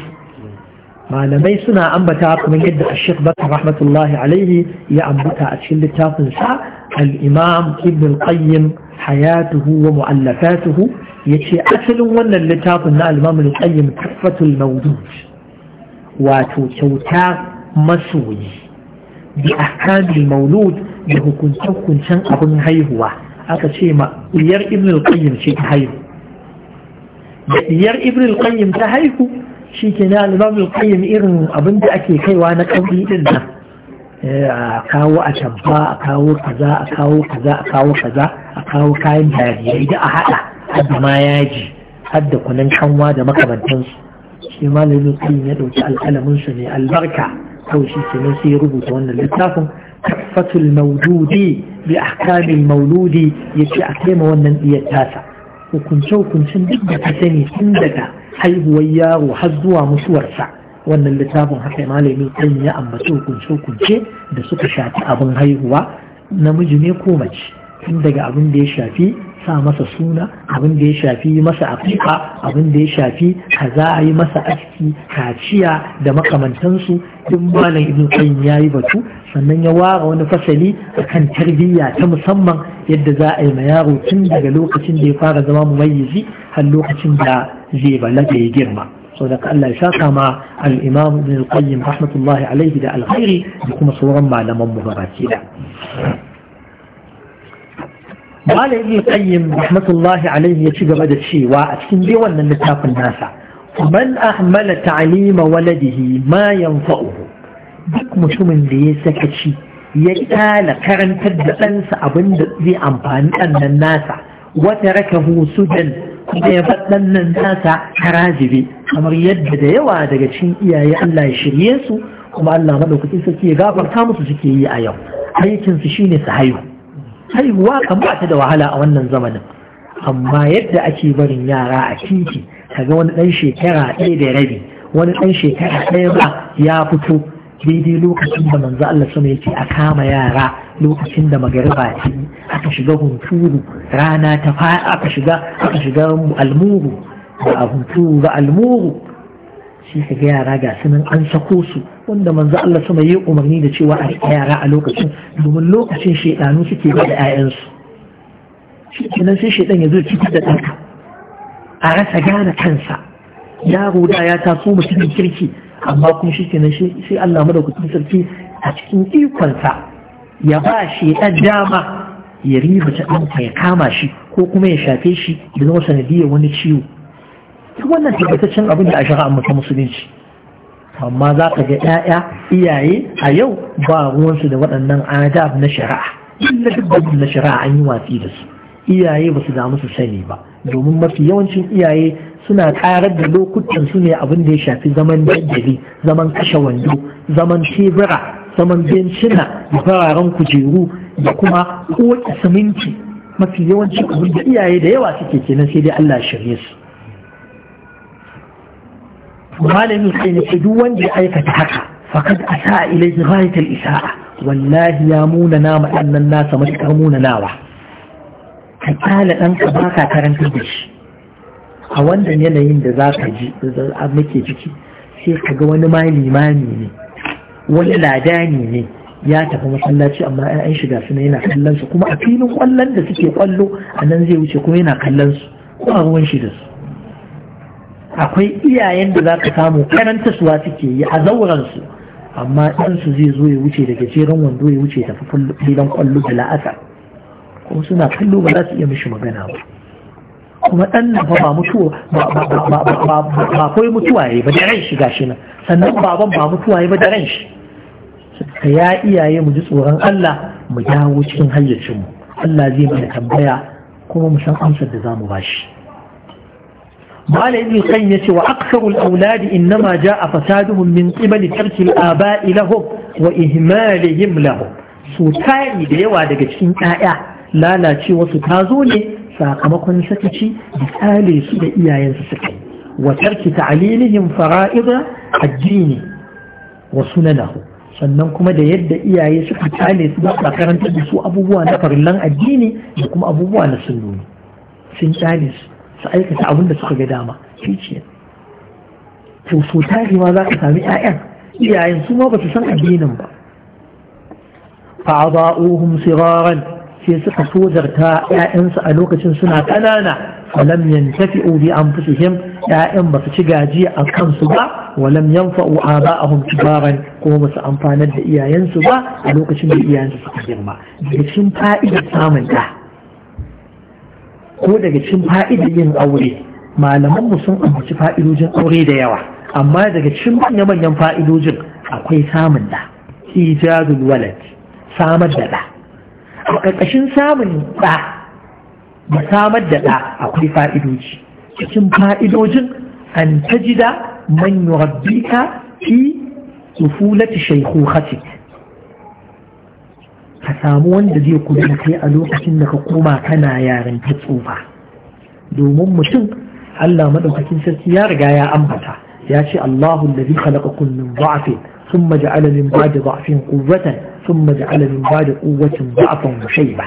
[SPEAKER 1] malamai suna ambata kamar yadda Sheikh Bakar rahmatullahi alayhi ya ambata a cikin littafin sa al-imam ibn al-qayyim hayatuhu wa mu'allafatuhu yace asalin wannan littafin na al-imam al-qayyim ihfatul mawdud wato kyauta masoyi bi ahkamil maulud da hukuncen hukuncen abin haihuwa aka ce ma diyar ibn al ce ta haihu da diyar ibn al ta haihu shi ke na al-imam irin abin da ake kaiwa na kauri din nan eh, a kawo a tabba a kawo kaza a kawo kaza a kawo kaza a kawo kayan jarirai da a hada hadda ma yaji hadda kunan kanwa da makamantansu shi malamin qayyim ya ɗauki alƙalamin mai albarka kawai shi ke nan sai ya rubuta wannan littafin kafatul maududi bi ahkamil mauludi ya a kaima ma wannan diyar tasa hukunce-hukuncen duk da sani tun daga haihuwar yaro har zuwa mutuwarsa wannan littafin haka malami kan ya ambaci hukunce-hukunce da suka shafi abin haihuwa namiji ne ko mace tun daga abin da ya shafi sa masa suna abin da ya shafi masa afiƙa abin da ya shafi kaza yi masa aski kaciya da makamantansu duk malam ibn qayyim ya yi batu sannan ya ware wani fasali akan tarbiyya ta musamman yadda za a yi ma yaro tun daga lokacin da ya fara zama mumayyizi har lokacin da zai balaga ya girma ya الله شاكا مع الإمام ابن القيم رحمة alaihi da ده da kuma sauran malaman mu مباركين Malam Ibn Qayyim rahmatullahi alaihi ya ci gaba da cewa a cikin dai wannan littafin nasa man ahmala ta'lima waladihi ma yanfa'uhu duk mutumin da ya sakaci ya kyala karantar da ɗansa abin da zai amfani ɗannan nasa wata raka husudan da ya faɗan nasa nasa karajibi kamar yadda da yawa daga cikin iyaye Allah ya shirye su kuma Allah madaukakin sarki ya gafarta musu suke yi a yau aikinsu shine su haihu haihuwa kan ba ta da wahala a wannan zamanin amma yadda ake barin yara a titi kaga wani ɗan shekara ɗaya da rabi wani ɗan shekara ɗaya ba ya fito daidai lokacin da manzo Allah sama yake a kama yara lokacin da magariba ce aka shiga hunturu rana ta fa aka shiga aka shiga almuru ba a hunturu ba almuru Sai ka ga yara ga sunan an sako su wanda manzo Allah sama yi umarni da cewa a riƙe yara a lokacin domin lokacin shedanu suke ba da 'ya'yansu shi kenan sai shedan ya zo cikin da ɗanka a rasa gane kansa yaro da ya taso mutumin kirki amma kuma shi kenan sai Allah madaukakin sarki a cikin ikonsa ya ba shaidan dama ya riba ta ɗanka ya kama shi ko kuma ya shafe shi da zama sanadiyar wani ciwo duk wannan tabbataccen abin da a shara amma ta musulunci amma za ka ga 'ya'ya iyaye a yau ba ruwansu da waɗannan adab na shari'a illa duk na shari'a an yi watsi da su iyaye ba su damu su sani ba domin mafi yawancin iyaye suna karar da lokutan su ne abin da ya shafi zaman dandali zaman kashe wando zaman tebura zaman bencina da fararen kujeru da kuma kowace siminti mafi yawancin abin da iyaye da yawa suke kenan sai dai Allah shirye su malamin sai ne duk wanda ya aikata haka fakad asa ilayhi ghayat al-isa'a wallahi ya muna nama nan nasa matakar muna nawa ka tsala ɗanka baka ka karanta da shi a wannan yanayin da za ka ji da muke ciki sai ka ga wani ma limami ne wani lada ne ya tafi masallaci amma ƴaƴan shiga suna yana kallon su kuma a filin kwallon da suke kwallo a nan zai wuce kuma yana kallon su ko a ruwan shi da su akwai iyayen da za ka samu karanta suwa suke yi a zauransu amma ɗansu zai zo ya wuce da gajeren wando ya wuce tafi filan kwallo da la'asa ko suna kallo ba za su iya mishi magana ba kuma ɗan nan ba mutuwa ba kawai mutuwa ya yi ba da ran shi gashi nan sannan baban ba mutuwa ya ba da ran shi ka ya iyaye mu ji tsoron Allah mu dawo cikin hayyacinmu Allah zai mana tambaya kuma mu san amsar da za mu ba shi malai ibn ya ce wa aktharul auladi innama a fasaduhum min qibal tarki al-aba'i lahum wa ihmalihim lahum su tayi da yawa daga cikin 'ya'ya wasu ta zo ne sakamakon sakaci da tsale su da iyayensu suka yi wa tarki ta'lilihim fara'ida addini wa sunanahu sannan kuma da yadda iyaye suka tale su ba sa karanta da su abubuwa na farillan addini da kuma abubuwa na sunnoni sun tale su su aikata da suka ga dama shi ce za ka sami 'ya'yan. iyayen su ma ba su san addinin ba fa ba'uhum sai suka sojarta ƴaƴansu a lokacin suna ƙanana walam yantafi bi anfusihim ƴaƴan ba su ci gajiya a kansu ba walam ba aba'ahum kibaran kuma ba su amfanar da iyayensu ba a lokacin da iyayensu suka girma da cikin fa'idar samun ɗa ko daga cikin fa'idar yin aure malamanmu sun ambaci fa'idojin aure da yawa amma daga cikin manya-manyan fa'idojin akwai samun da ijazul walad samar da da a ƙarƙashin samun da da samar da da akwai fa'idoji cikin fa'idojin an tajida man yurabbika fi tufulati shaykhukatik ka samu wanda zai kula da kai a lokacin da ka koma kana yaren ta tsufa domin mutum Allah madaukakin sarki ya riga ya ambata ya ce Allahu alladhi khalaqakum min dha'fin ثم جعل من بعد ضعف قوة ثم جعل من بعد قوة ضعفا وشيبة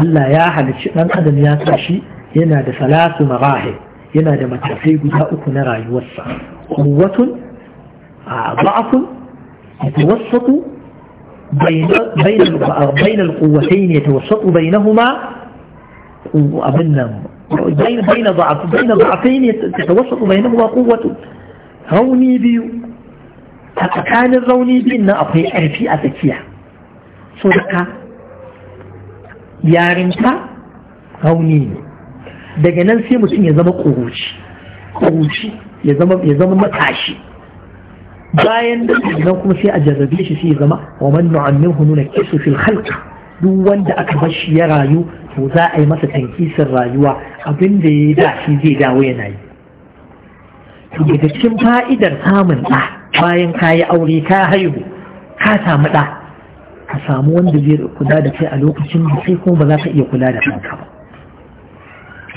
[SPEAKER 1] Allah ya halicci ɗan adam ya tashi yana da salatu marahi, yana da matakai guda uku na rayuwarsa kuwatun a ba'afun mutawassatu بين القوتين يتوسط بينهما بين بين ضعف بين ضعفين يتوسط بينهما قوة روني بيو فكان الروني بينا أقوي أرفي أتكيا صدقا yarinta روني ne daga nan sai mutum ya zama ƙuruci ƙuruci bayan nan kuma sai a jarrabe shi sai zama wa man hununa nunakkisu fil halka, duk wanda aka bar shi ya rayu to za a yi masa tankisin rayuwa abin da ya da shi zai dawo yana yi to daga cikin fa'idar samun ɗa bayan ka yi aure ka haihu ka samu ɗa ka samu wanda zai kula da kai a lokacin da sai kuma ba za ka iya kula da kanka ba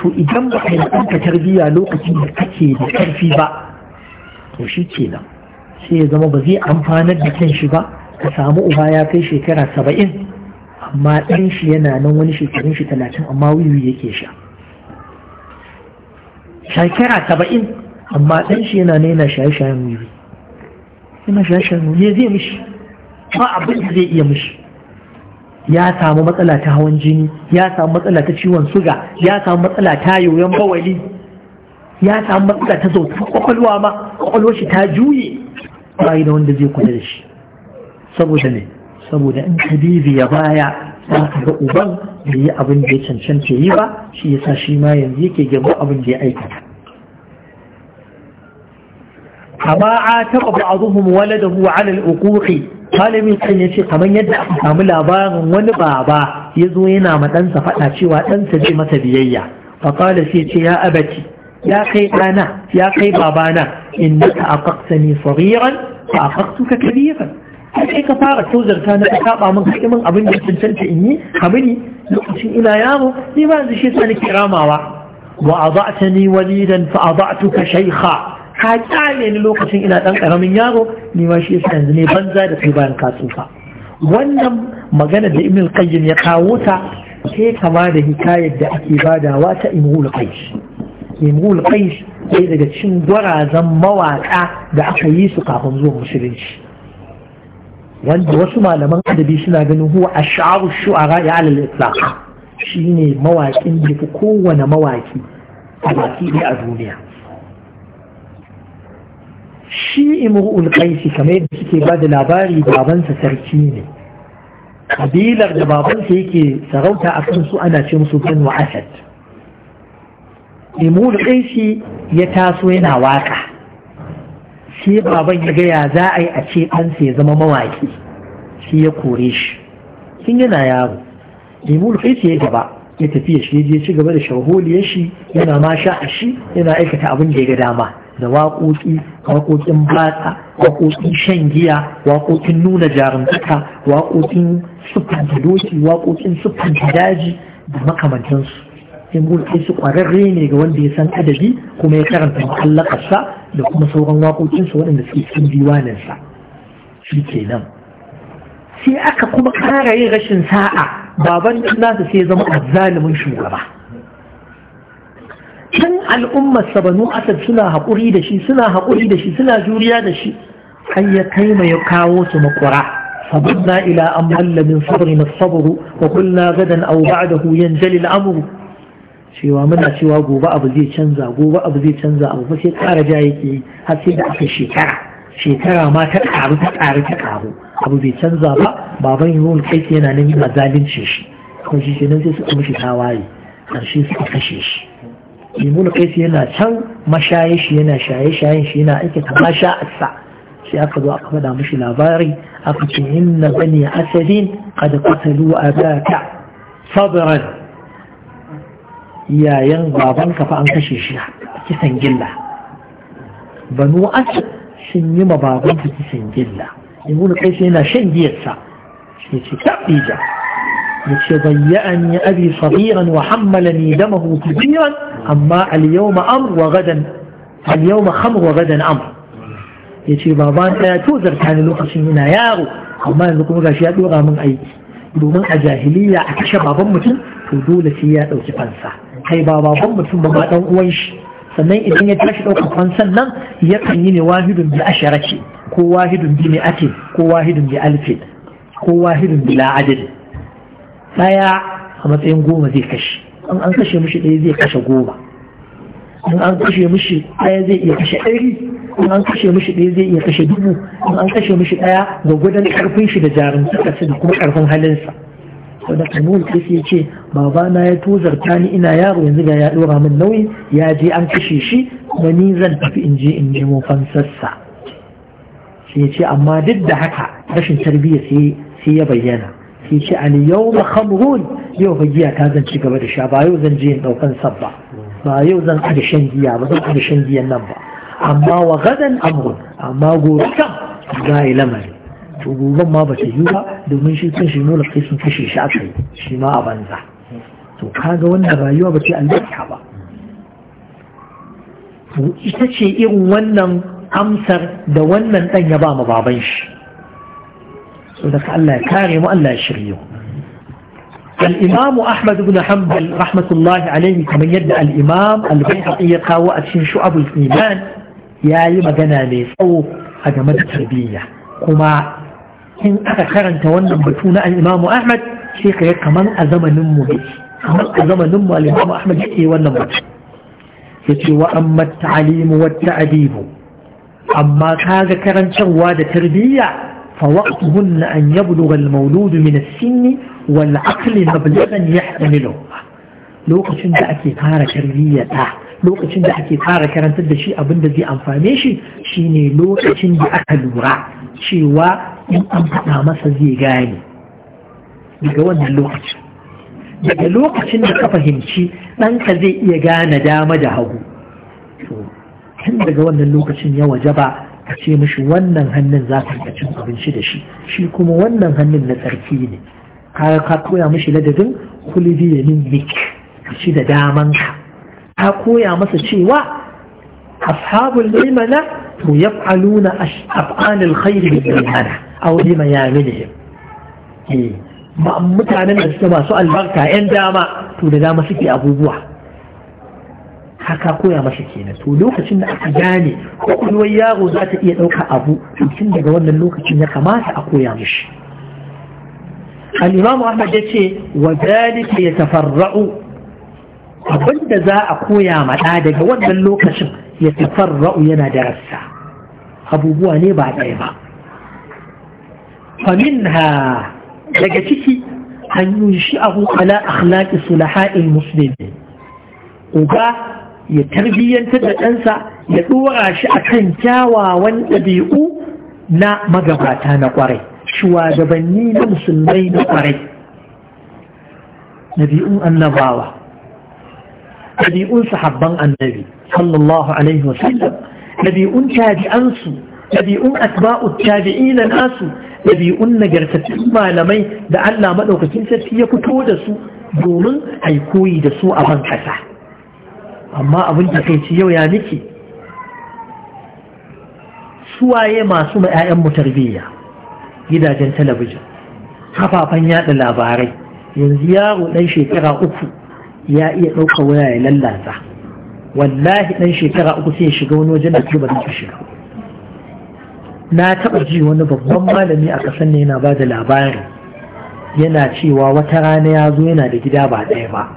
[SPEAKER 1] to idan ba ka yi ɗanka tarbiyya lokacin da kake da ƙarfi ba to shi kenan sai ya zama ba zai amfanar da kan shi ba ka samu uba ya kai shekara saba'in amma ɗan shi yana nan wani shekarun shi talatin amma wiwi yake sha shekara saba'in amma ɗan shi yana nan yana shaye-shayen wiwi yana shaye-shayen wiwi zai mishi ba abin da zai iya mishi ya samu matsala ta hawan jini ya samu matsala ta ciwon suga ya samu matsala ta yoyon bawali ya samu matsala ta zautar kwakwalwa ma kwakwalwar shi ta juye ba da wanda zai kula da shi saboda ne saboda in kabibi ya baya za ka ga uban da yi abin da ya cancanta yi ba shi yasa shi ma yanzu yake girma abin da ya aikata kama a taɓa wale da huwa alal uquqi malamin kan ya ce kamar yadda aka samu labarin wani baba ya zo yana ma ɗansa faɗa cewa ɗansa zai masa biyayya fa kala sai ce ya abati ya kai ɗana ya kai babana in na ka aƙaƙsa ne tsariran ka aƙaƙsu ka kabiran sai ka fara tozarta na ka min hakimin abin da cancanta in yi kamini lokacin ina yaro ni ba yanzu shi sa nake ramawa wa azatani walidan fa azatuka shaykha ka kyale ni lokacin ina ɗan karamin yaro ni ma shi yasa yanzu ne banza da kai bayan ka tsufa wannan magana da imil qayyim ya kawo ta sai kama da hikayar da ake badawa ta imrul qais imrul qais sai daga cikin gwarazan mawaka da aka yi su kafin zuwa musulunci wanda wasu malaman adabi suna ganin huwa ash'aru shu'ara ya alal itlaq shine mawakin da fi kowane mawaki a baki a duniya shi imrul qais kamar yadda suke ba da labari babansa sarki ne kabilar da babansa yake sarauta a kansu ana ce musu banu asad limuru ɗinshi ya taso yana waka shi baban ya gaya za a yi a ce ɗansa ya zama mawaki shi ya kore shi sun yana yaro limuru ɗinshi ya gaba ya tafi ya shi ya ci gaba da sharholiyar shi yana ma sha a shi yana aikata abin da ya ga dama da waƙoƙi waƙoƙin batsa waƙoƙin shan giya waƙoƙin nuna jarumtaka waƙoƙin siffanta doki waƙoƙin siffanta daji da makamantansu imrul qais kwararre ne ga wanda ya san adabi kuma ya karanta mu'allakarsa da kuma sauran waƙoƙinsa waɗanda suke cikin diwaninsa shi nan. sai aka kuma ƙara yin rashin sa'a baban nasa sai ya zama azzalimin shugaba Tun al'ummar sabanu asad suna haƙuri da shi suna haƙuri da shi suna juriya da shi har ya kai mai kawo su makura فضبنا إلى أن هل من صبرنا الصبر وقلنا غدا أو بعده ينجلي الأمر cewa muna cewa gobe abu zai canza gobe abu zai canza abu fa sai ƙara ja yake har sai da aka shekara shekara ma ta ƙaru ta ƙaru ta ƙaru abu bai canza ba baban yiwuwar kai yana nan yi mazalincin shi kuma shi kenan sai suka mishi tawaye ƙarshe suka kashe shi imunu kaisi yana can mashaye shi yana shaye shayen shi yana aikata masha asa sai aka zo aka faɗa mishi labari aka ce inna bani asadin qad a ta sabran iyayen babanka fa an kashe shi kisan gilla banu as sun yi ma babanka kisan gilla kai sai yana shan giyarsa sai ce tabija an bayyani abi sabiran wa hammala hammalani damahu kabiran amma al-yawma amr wa gadan al-yawma khamr wa gadan amr ce baban ta ya zarta ne lokacin yana yaro amma yanzu kuma gashi ya dora min aiki domin a jahiliya a kashe baban mutum to dole sai ya dauki fansa kai ba baban mutum ba ma dan uwan shi sannan idan ya tashi ɗaukar fansan nan yakan yi ne wahidun bi asharaki ko wahidun bi mi'ati ko wahidun bi alfi ko wahidun bi la'adil daya a matsayin goma zai kashe in an kashe mushi ɗaya zai kashe goma in an kashe mishi ɗaya zai iya kashe ɗari in an kashe mushi ɗaya zai iya kashe dubu in an kashe mushi ɗaya gwagwadon ƙarfin shi da jarumtakarsa da kuma ƙarfin halinsa so da kamul kisi ya ce babana ya tuzarta ni ina yaro yanzu ga ya dora min nauyi ya je an kashe shi kuma ni zan tafi in je in nemo fansarsa sai ya ce amma duk da haka rashin tarbiyya sai ya bayyana sai ce ali yau da khamrun yau ba giya ta zan ci gaba da sha ba yau zan je in daukan sabba ba yau zan kada shan giya ba zan kada shan giyan nan ba amma wa gadan amrun amma gobe kam ga lamari to goben ma ba ta yi ba domin shi kan shi mola kai sun kashe shi aka yi shi ma a banza to kaga wannan rayuwa ba ce albarka ba to ita ce irin wannan amsar da wannan dan ya ba ma baban shi so da Allah ya kare mu Allah ya shirye mu الإمام أحمد بن حنبل رحمة الله عليه كما يدعى الإمام البيحقي قاوة أتشين شعب الإيمان يا يما جناني سو أجمد التربية كما in aka karanta wannan batu na al'imamu ahmad sai ka yi kamar a zamanin mu ne kamar a zamanin mu al'imamu ahmad yake wannan batu ya ce wa amma ta'alimu wa ta'adibu amma kaga karantarwa da tarbiyya fa waqtuhunna an yabdu al mauludu min as-sinni wal aqli mablaghan yahtamilu lokacin da ake fara tarbiyya ta lokacin da ake fara karantar da shi abin da zai amfane shi shine lokacin da aka lura cewa in an faɗa masa zai gane daga wannan lokacin daga lokacin da ka fahimci ɗanka zai iya gane dama da hagu tun daga wannan lokacin ya waje ba ka ce mashi wannan hannun za ka cin abinci da shi shi kuma wannan hannun na tsarki ne ka koya mishi ladabin kulibi ya min ka ci da damanka ka koya masa cewa ashabul mana. to yaf'aluna af'al alkhair bi bayana aw bi mayaminihim eh mutanen da suke masu albarka yan dama to da dama suke abubuwa haka koya masa kenan to lokacin da aka gane kwakwalwar yaro za ta iya ɗauka abu tun daga wannan lokacin ya kamata a koya mishi al'imam ahmad ya ce wa zalika ya tafarra'u abinda za a koya maɗa daga wannan lokacin ya tafarra'u yana darasa abubuwa ne ba ɗaya ba ha daga ciki an shi abu ala akhlaqi sulaha'il muslimin uba ya tarbiyyantar da ɗansa ya ɗora shi a kan kyawawan ɗabi'u na magabata na ƙwarai. shugabanni na musulmai na ƙwarai. ɗabi'un annabawa ɗabi'un sahabban annabi sallallahu alaihi wasallam ɗabi'un tabi'ansu ɗabi'un asba'u na nasu ɗabi'un nagartattun malamai da Allah maɗaukacin sarki ya fito da su domin haikoyi da su a ban ƙasa. amma abin da kai yau ya su suwaye masu ma 'ya'yan tarbiyya gidajen talabijin kafafen yada labarai yanzu yaro ɗan shekara uku ya iya ɗauka waya ya lallata wallahi dan shekara uku sai shiga wani wajen da ke ba shiga na taɓa ji wani babban malami a ƙasar ne yana ba da labari yana cewa wata rana ya zo yana da gida ba ɗaya ba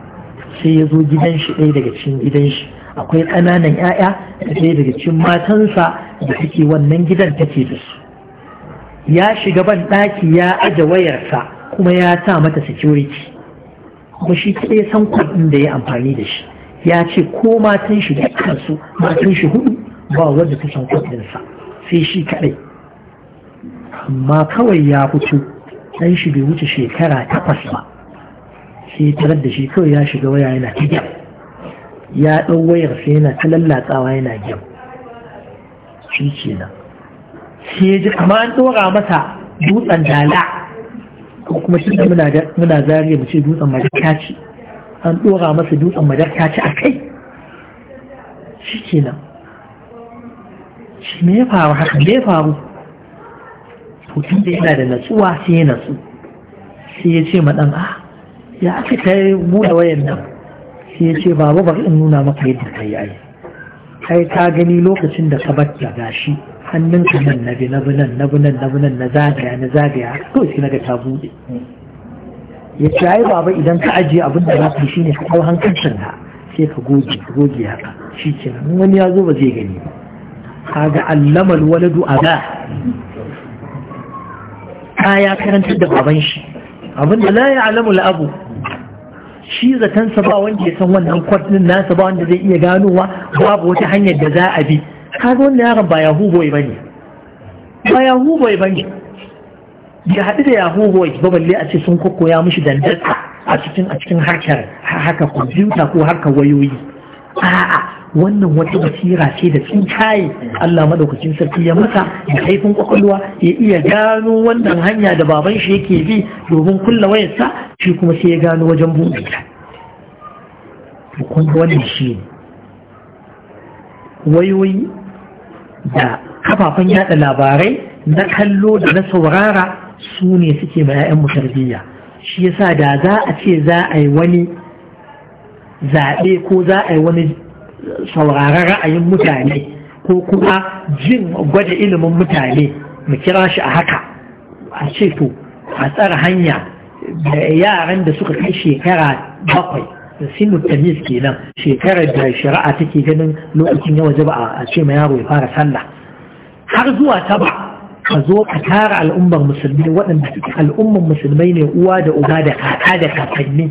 [SPEAKER 1] sai ya zo gidan shi ɗaya daga cikin gidan shi akwai ƙananan 'ya'ya da ɗaya daga cikin matansa da take wannan gidan take da su ya shiga ban ɗaki ya aje wayarsa kuma ya sa mata security kuma shi kaɗai san kuɗin da ya amfani da shi ya ce ko matan shi su matan shi hudu ba wadda ta san kudinsa sai shi kadai amma kawai ya fito dan shi bai wuce shekara takwas ba sai tarar da shi kawai ya shiga waya yana ta ya ɗau wayar sai yana ta lallatsawa yana gyam shi kenan sai ya ji kamar an ɗora masa dutsen dala ko kuma tunda muna zariya mu ce dutsen madaka ce an ɗora masa dutsen madarka ci a kai shi ke nan shi me ya faru haka me ya faru hutun da yana da natsuwa sai ya natsu sai ya ce maɗan a ah, ya aka ta buɗe wayan nan sai ya ce babu bari in nuna maka yadda ka yi ai kai ka gani lokacin da ka da gashi hannunka nan na bi na bi nan na bi nan na bi nan na zagaya na zagaya kawai shi na ga ta buɗe ya ce ai baba idan ka ajiye abin da za ka shine ka kawo hankalcin ka sai ka goge goge haka shi ke wani ya zo ba zai gani kaga allamal waladu ada ta ya karantar da baban shi abin da la ya alamu la'abu shi zatansa ba wanda ya san wannan kwadin nasa ba wanda zai iya ganowa babu wata hanyar da za a bi ga wannan yaron ba yahu boy bane ba yahu boy bane ya haɗu da yahoo boys ba balle a ce sun kokoya mishi dandarsa a cikin a cikin harkar haka kwamfuta ko harkar wayoyi a'a wannan wata basira ce da tsinkaye Allah madaukakin sarki ya masa da haifin kwakwalwa ya iya gano wannan hanya da baban shi yake bi domin kulla wayarsa shi kuma sai ya gano wajen buɗe ta wannan shi wayoyi da kafafen yada labarai na kallo da na saurara su ne suke ma 'ya'yanmu tarbiyya shi yasa da za a ce za a yi wani zaɓe ko za a yi wani sauraren ra'ayin mutane ko kuma jin gwada ilimin mutane mu kira shi a haka a ce to a tsara hanya da yaran da suka kai shekara bakwai da sinu tamis kenan shekarar da shari'a take ganin lokacin yawa ba a ce ma yaro ya fara sallah har zuwa taba ka zo ka tara al'ummar musulmai waɗanda al'ummar musulmai ne uwa da uba da kaka da kakanni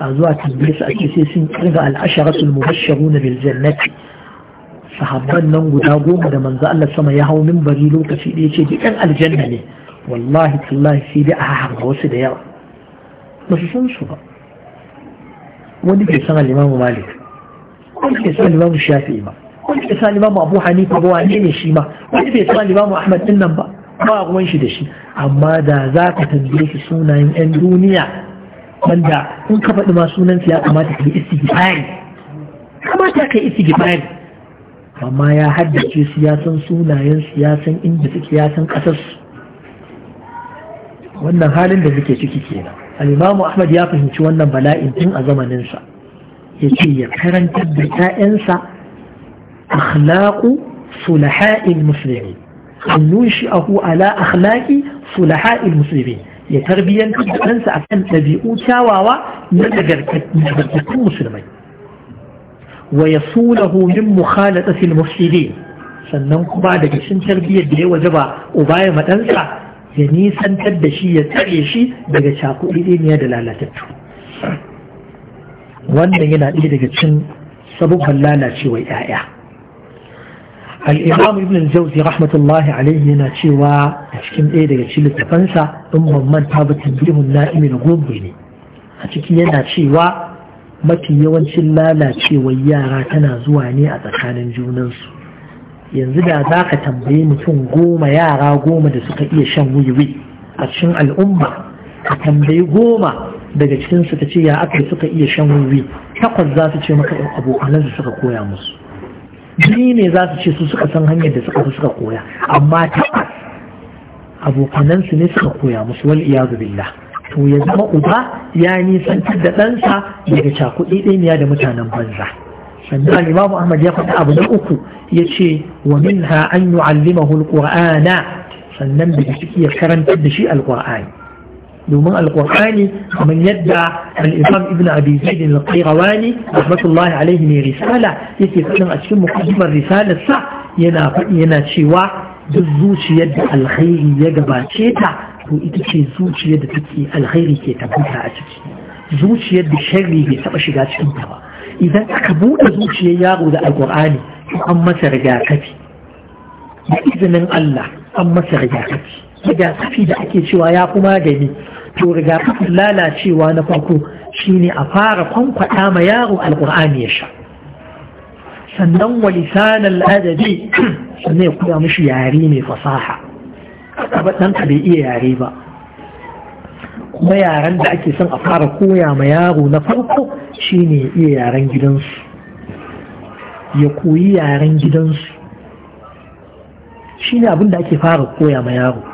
[SPEAKER 1] a zuwa tambaye su ake sai sun kirga al'asharatul mubashsharuna bil jannati sahabban nan guda goma da manzo Allah sama ya hau minbari lokaci da yace duk ɗan aljanna ne wallahi tallahi sai dai a harba wasu da yawa ba su san su ba wani ke san al Malik wani ke san al-Imam Shafi'i ba wani ke san al Abu Hanifa ba wani ne shi ma wani bai san al-Imam Ahmad din nan ba ba ruwan shi da shi amma da za ka tambaye shi sunayen 'yan duniya wanda in ka faɗi ma sunansu ya kamata ka yi istighfari kamata ka yi istighfari amma ya haddace su ya san sunayen su ya san inda suke ya san ƙasar su wannan halin da suke ciki kenan al-imamu ahmad ya fahimci wannan bala'in tun a zamanin sa ce ya karantar da 'ya'yansa akhlaqu sulaha'il muslimin an nunshi'ahu ala akhlaqi al muslimin ya tarbiyyantar da ɗansa a kan ɗabi'u kyawawa na nagartattun musulmai wa ya sulahu min mukhalatatil mufsidin sannan kuma daga cikin tarbiyyar da ya wajaba uba ya maɗansa ya nisantar da shi ya tsare shi daga cakuɗiɗiniya da lalatattu wannan yana ɗaya daga cikin sabubban lalacewar 'ya'ya al'imam ibn al-jauzi rahmatullahi alaihi yana cewa a cikin ɗaya daga cikin littafansa in ban manta ba tambihun na'imi gobe ne a ciki yana cewa mafi yawancin lalacewar yara tana zuwa ne a tsakanin junansu yanzu da za ka tambayi mutum goma yara goma da suka iya shan wiwi a cikin al'umma ka tambayi goma daga cikinsu ka ce ya aka suka iya shan wiwi takwas za su ce maka abokanansu suka koya musu biyu ne za su ce su suka san hanyar da suka suka koya amma tabbas abokanansu ne suka koya musu wal iyazu billah to ya zama uba ya nisantar da ɗansa daga cakuɗi ɗaya da mutanen banza sannan imam ahmad ya faɗi abu na uku ya ce wa minha an yu'allimahu alqur'ana sannan daga ciki ya karantar da shi alqur'ani domin alƙur'ani kamar yadda al'imam ibn abi zaid al-qayrawani rahmatullahi alaihi ne risala yake faɗin a cikin mukaddimar risalarsa yana faɗi yana cewa duk zuciyar da alkhairi ya gabace ta to ita ce zuciyar da take alkhairi ke tabbata a ciki zuciyar da sharri bai taɓa shiga cikin ta ba idan aka buɗe zuciyar yaro da alƙur'ani an masa rigakafi da izinin Allah an masa rigakafi rigakafi da ake cewa ya kuma magani to rigakafin lalacewa na farko shine a fara kwankwaɗa ma yaro alƙur'ani ya sha sannan wa lisanan adabi sannan ya koya mishi yare mai fasaha ɗan ka bai iya yare ba kuma yaren da ake son a fara koya ma yaro na farko shine ya iya yaren gidansu ya koyi yaren gidansu shine abin da ake fara koya ma yaro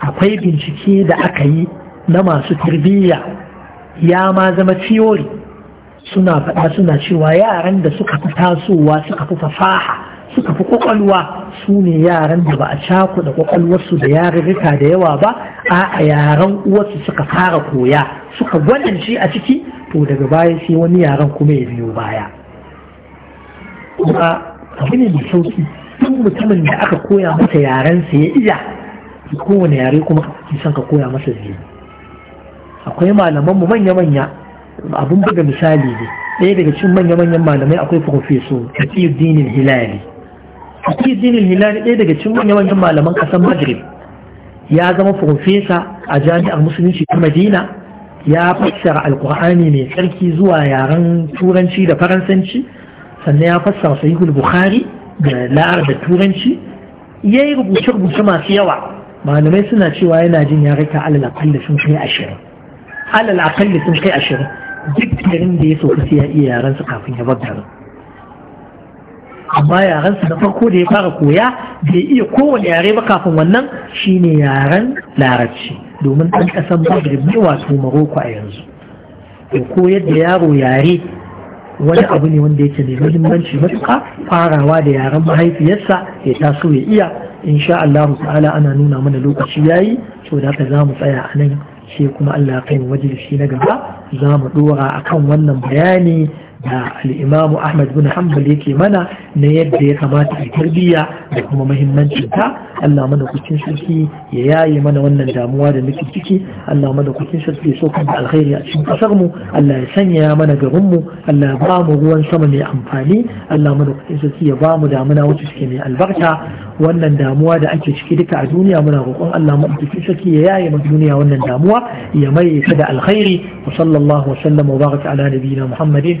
[SPEAKER 1] akwai bincike da aka yi na masu tarbiyya ya ma zama ciwori suna faɗa suna cewa yaran da suka fi tasowa suka fi fasaha suka fi kwakwalwa su ne yaran da ba a cakuɗa kwakwalwarsu da yarurruka da yawa ba a yaran uwarsu suka fara koya suka gwanance a ciki to daga baya sai wani yaran kuma ya biyo baya kuma abu ne mai sauki duk mutumin da aka koya masa sa ya iya kowane yare kuma ki son ka koya masa zai akwai malaman mu manya-manya abun buga misali ne ɗaya daga cikin manya-manyan malamai akwai profeso Taqiyuddin Hilali Taqiyuddin Hilali ɗaya daga cikin manya-manyan malaman ƙasar Madrid ya zama profesa a jami'ar musulunci ta Madina ya fassara alkur'ani mai tsarki zuwa yaren turanci da faransanci sannan ya fassara sahihul bukhari da la'ar da turanci yayi rubuce-rubuce masu yawa malamai suna cewa yana jin ya rika alal akalli sun kai ashirin alal akalli sun kai ashirin duk garin da ya sauka sai ya iya yaran su kafin ya bar amma yaran su na farko da ya fara koya bai iya kowane yare ba kafin wannan shine yaren larabci domin ɗan ƙasan maghrib ne wato maroko a yanzu ko koyar da yaro yare wani abu ne wanda yake mai muhimmanci matuƙa farawa da yaren mahaifiyarsa ya taso ya iya In sha Allah ta'ala ana nuna mana lokaci yayi so da haka zamu tsaya a nan shi kuma Allah ya kai majalisi na gaba zamu dora akan wannan bayani da al'imamu ahmad bin hanbal yake mana na yadda ya kamata a tarbiyya da kuma mahimmancin ta allah kucin sarki ya yaye mana wannan damuwa da muke ciki allah kucin sarki ya saukar da alkhairi a cikin kasar mu allah ya sanya mana garin mu allah ya ba mu ruwan sama mai amfani allah kucin sarki ya ba mu damuna wacce suke mai albarka wannan damuwa da ake ciki duka a duniya muna roƙon allah kucin sarki ya yaye mana duniya wannan damuwa ya mai da alkhairi wa sallallahu wa sallam wa baraka ala nabiyina muhammadin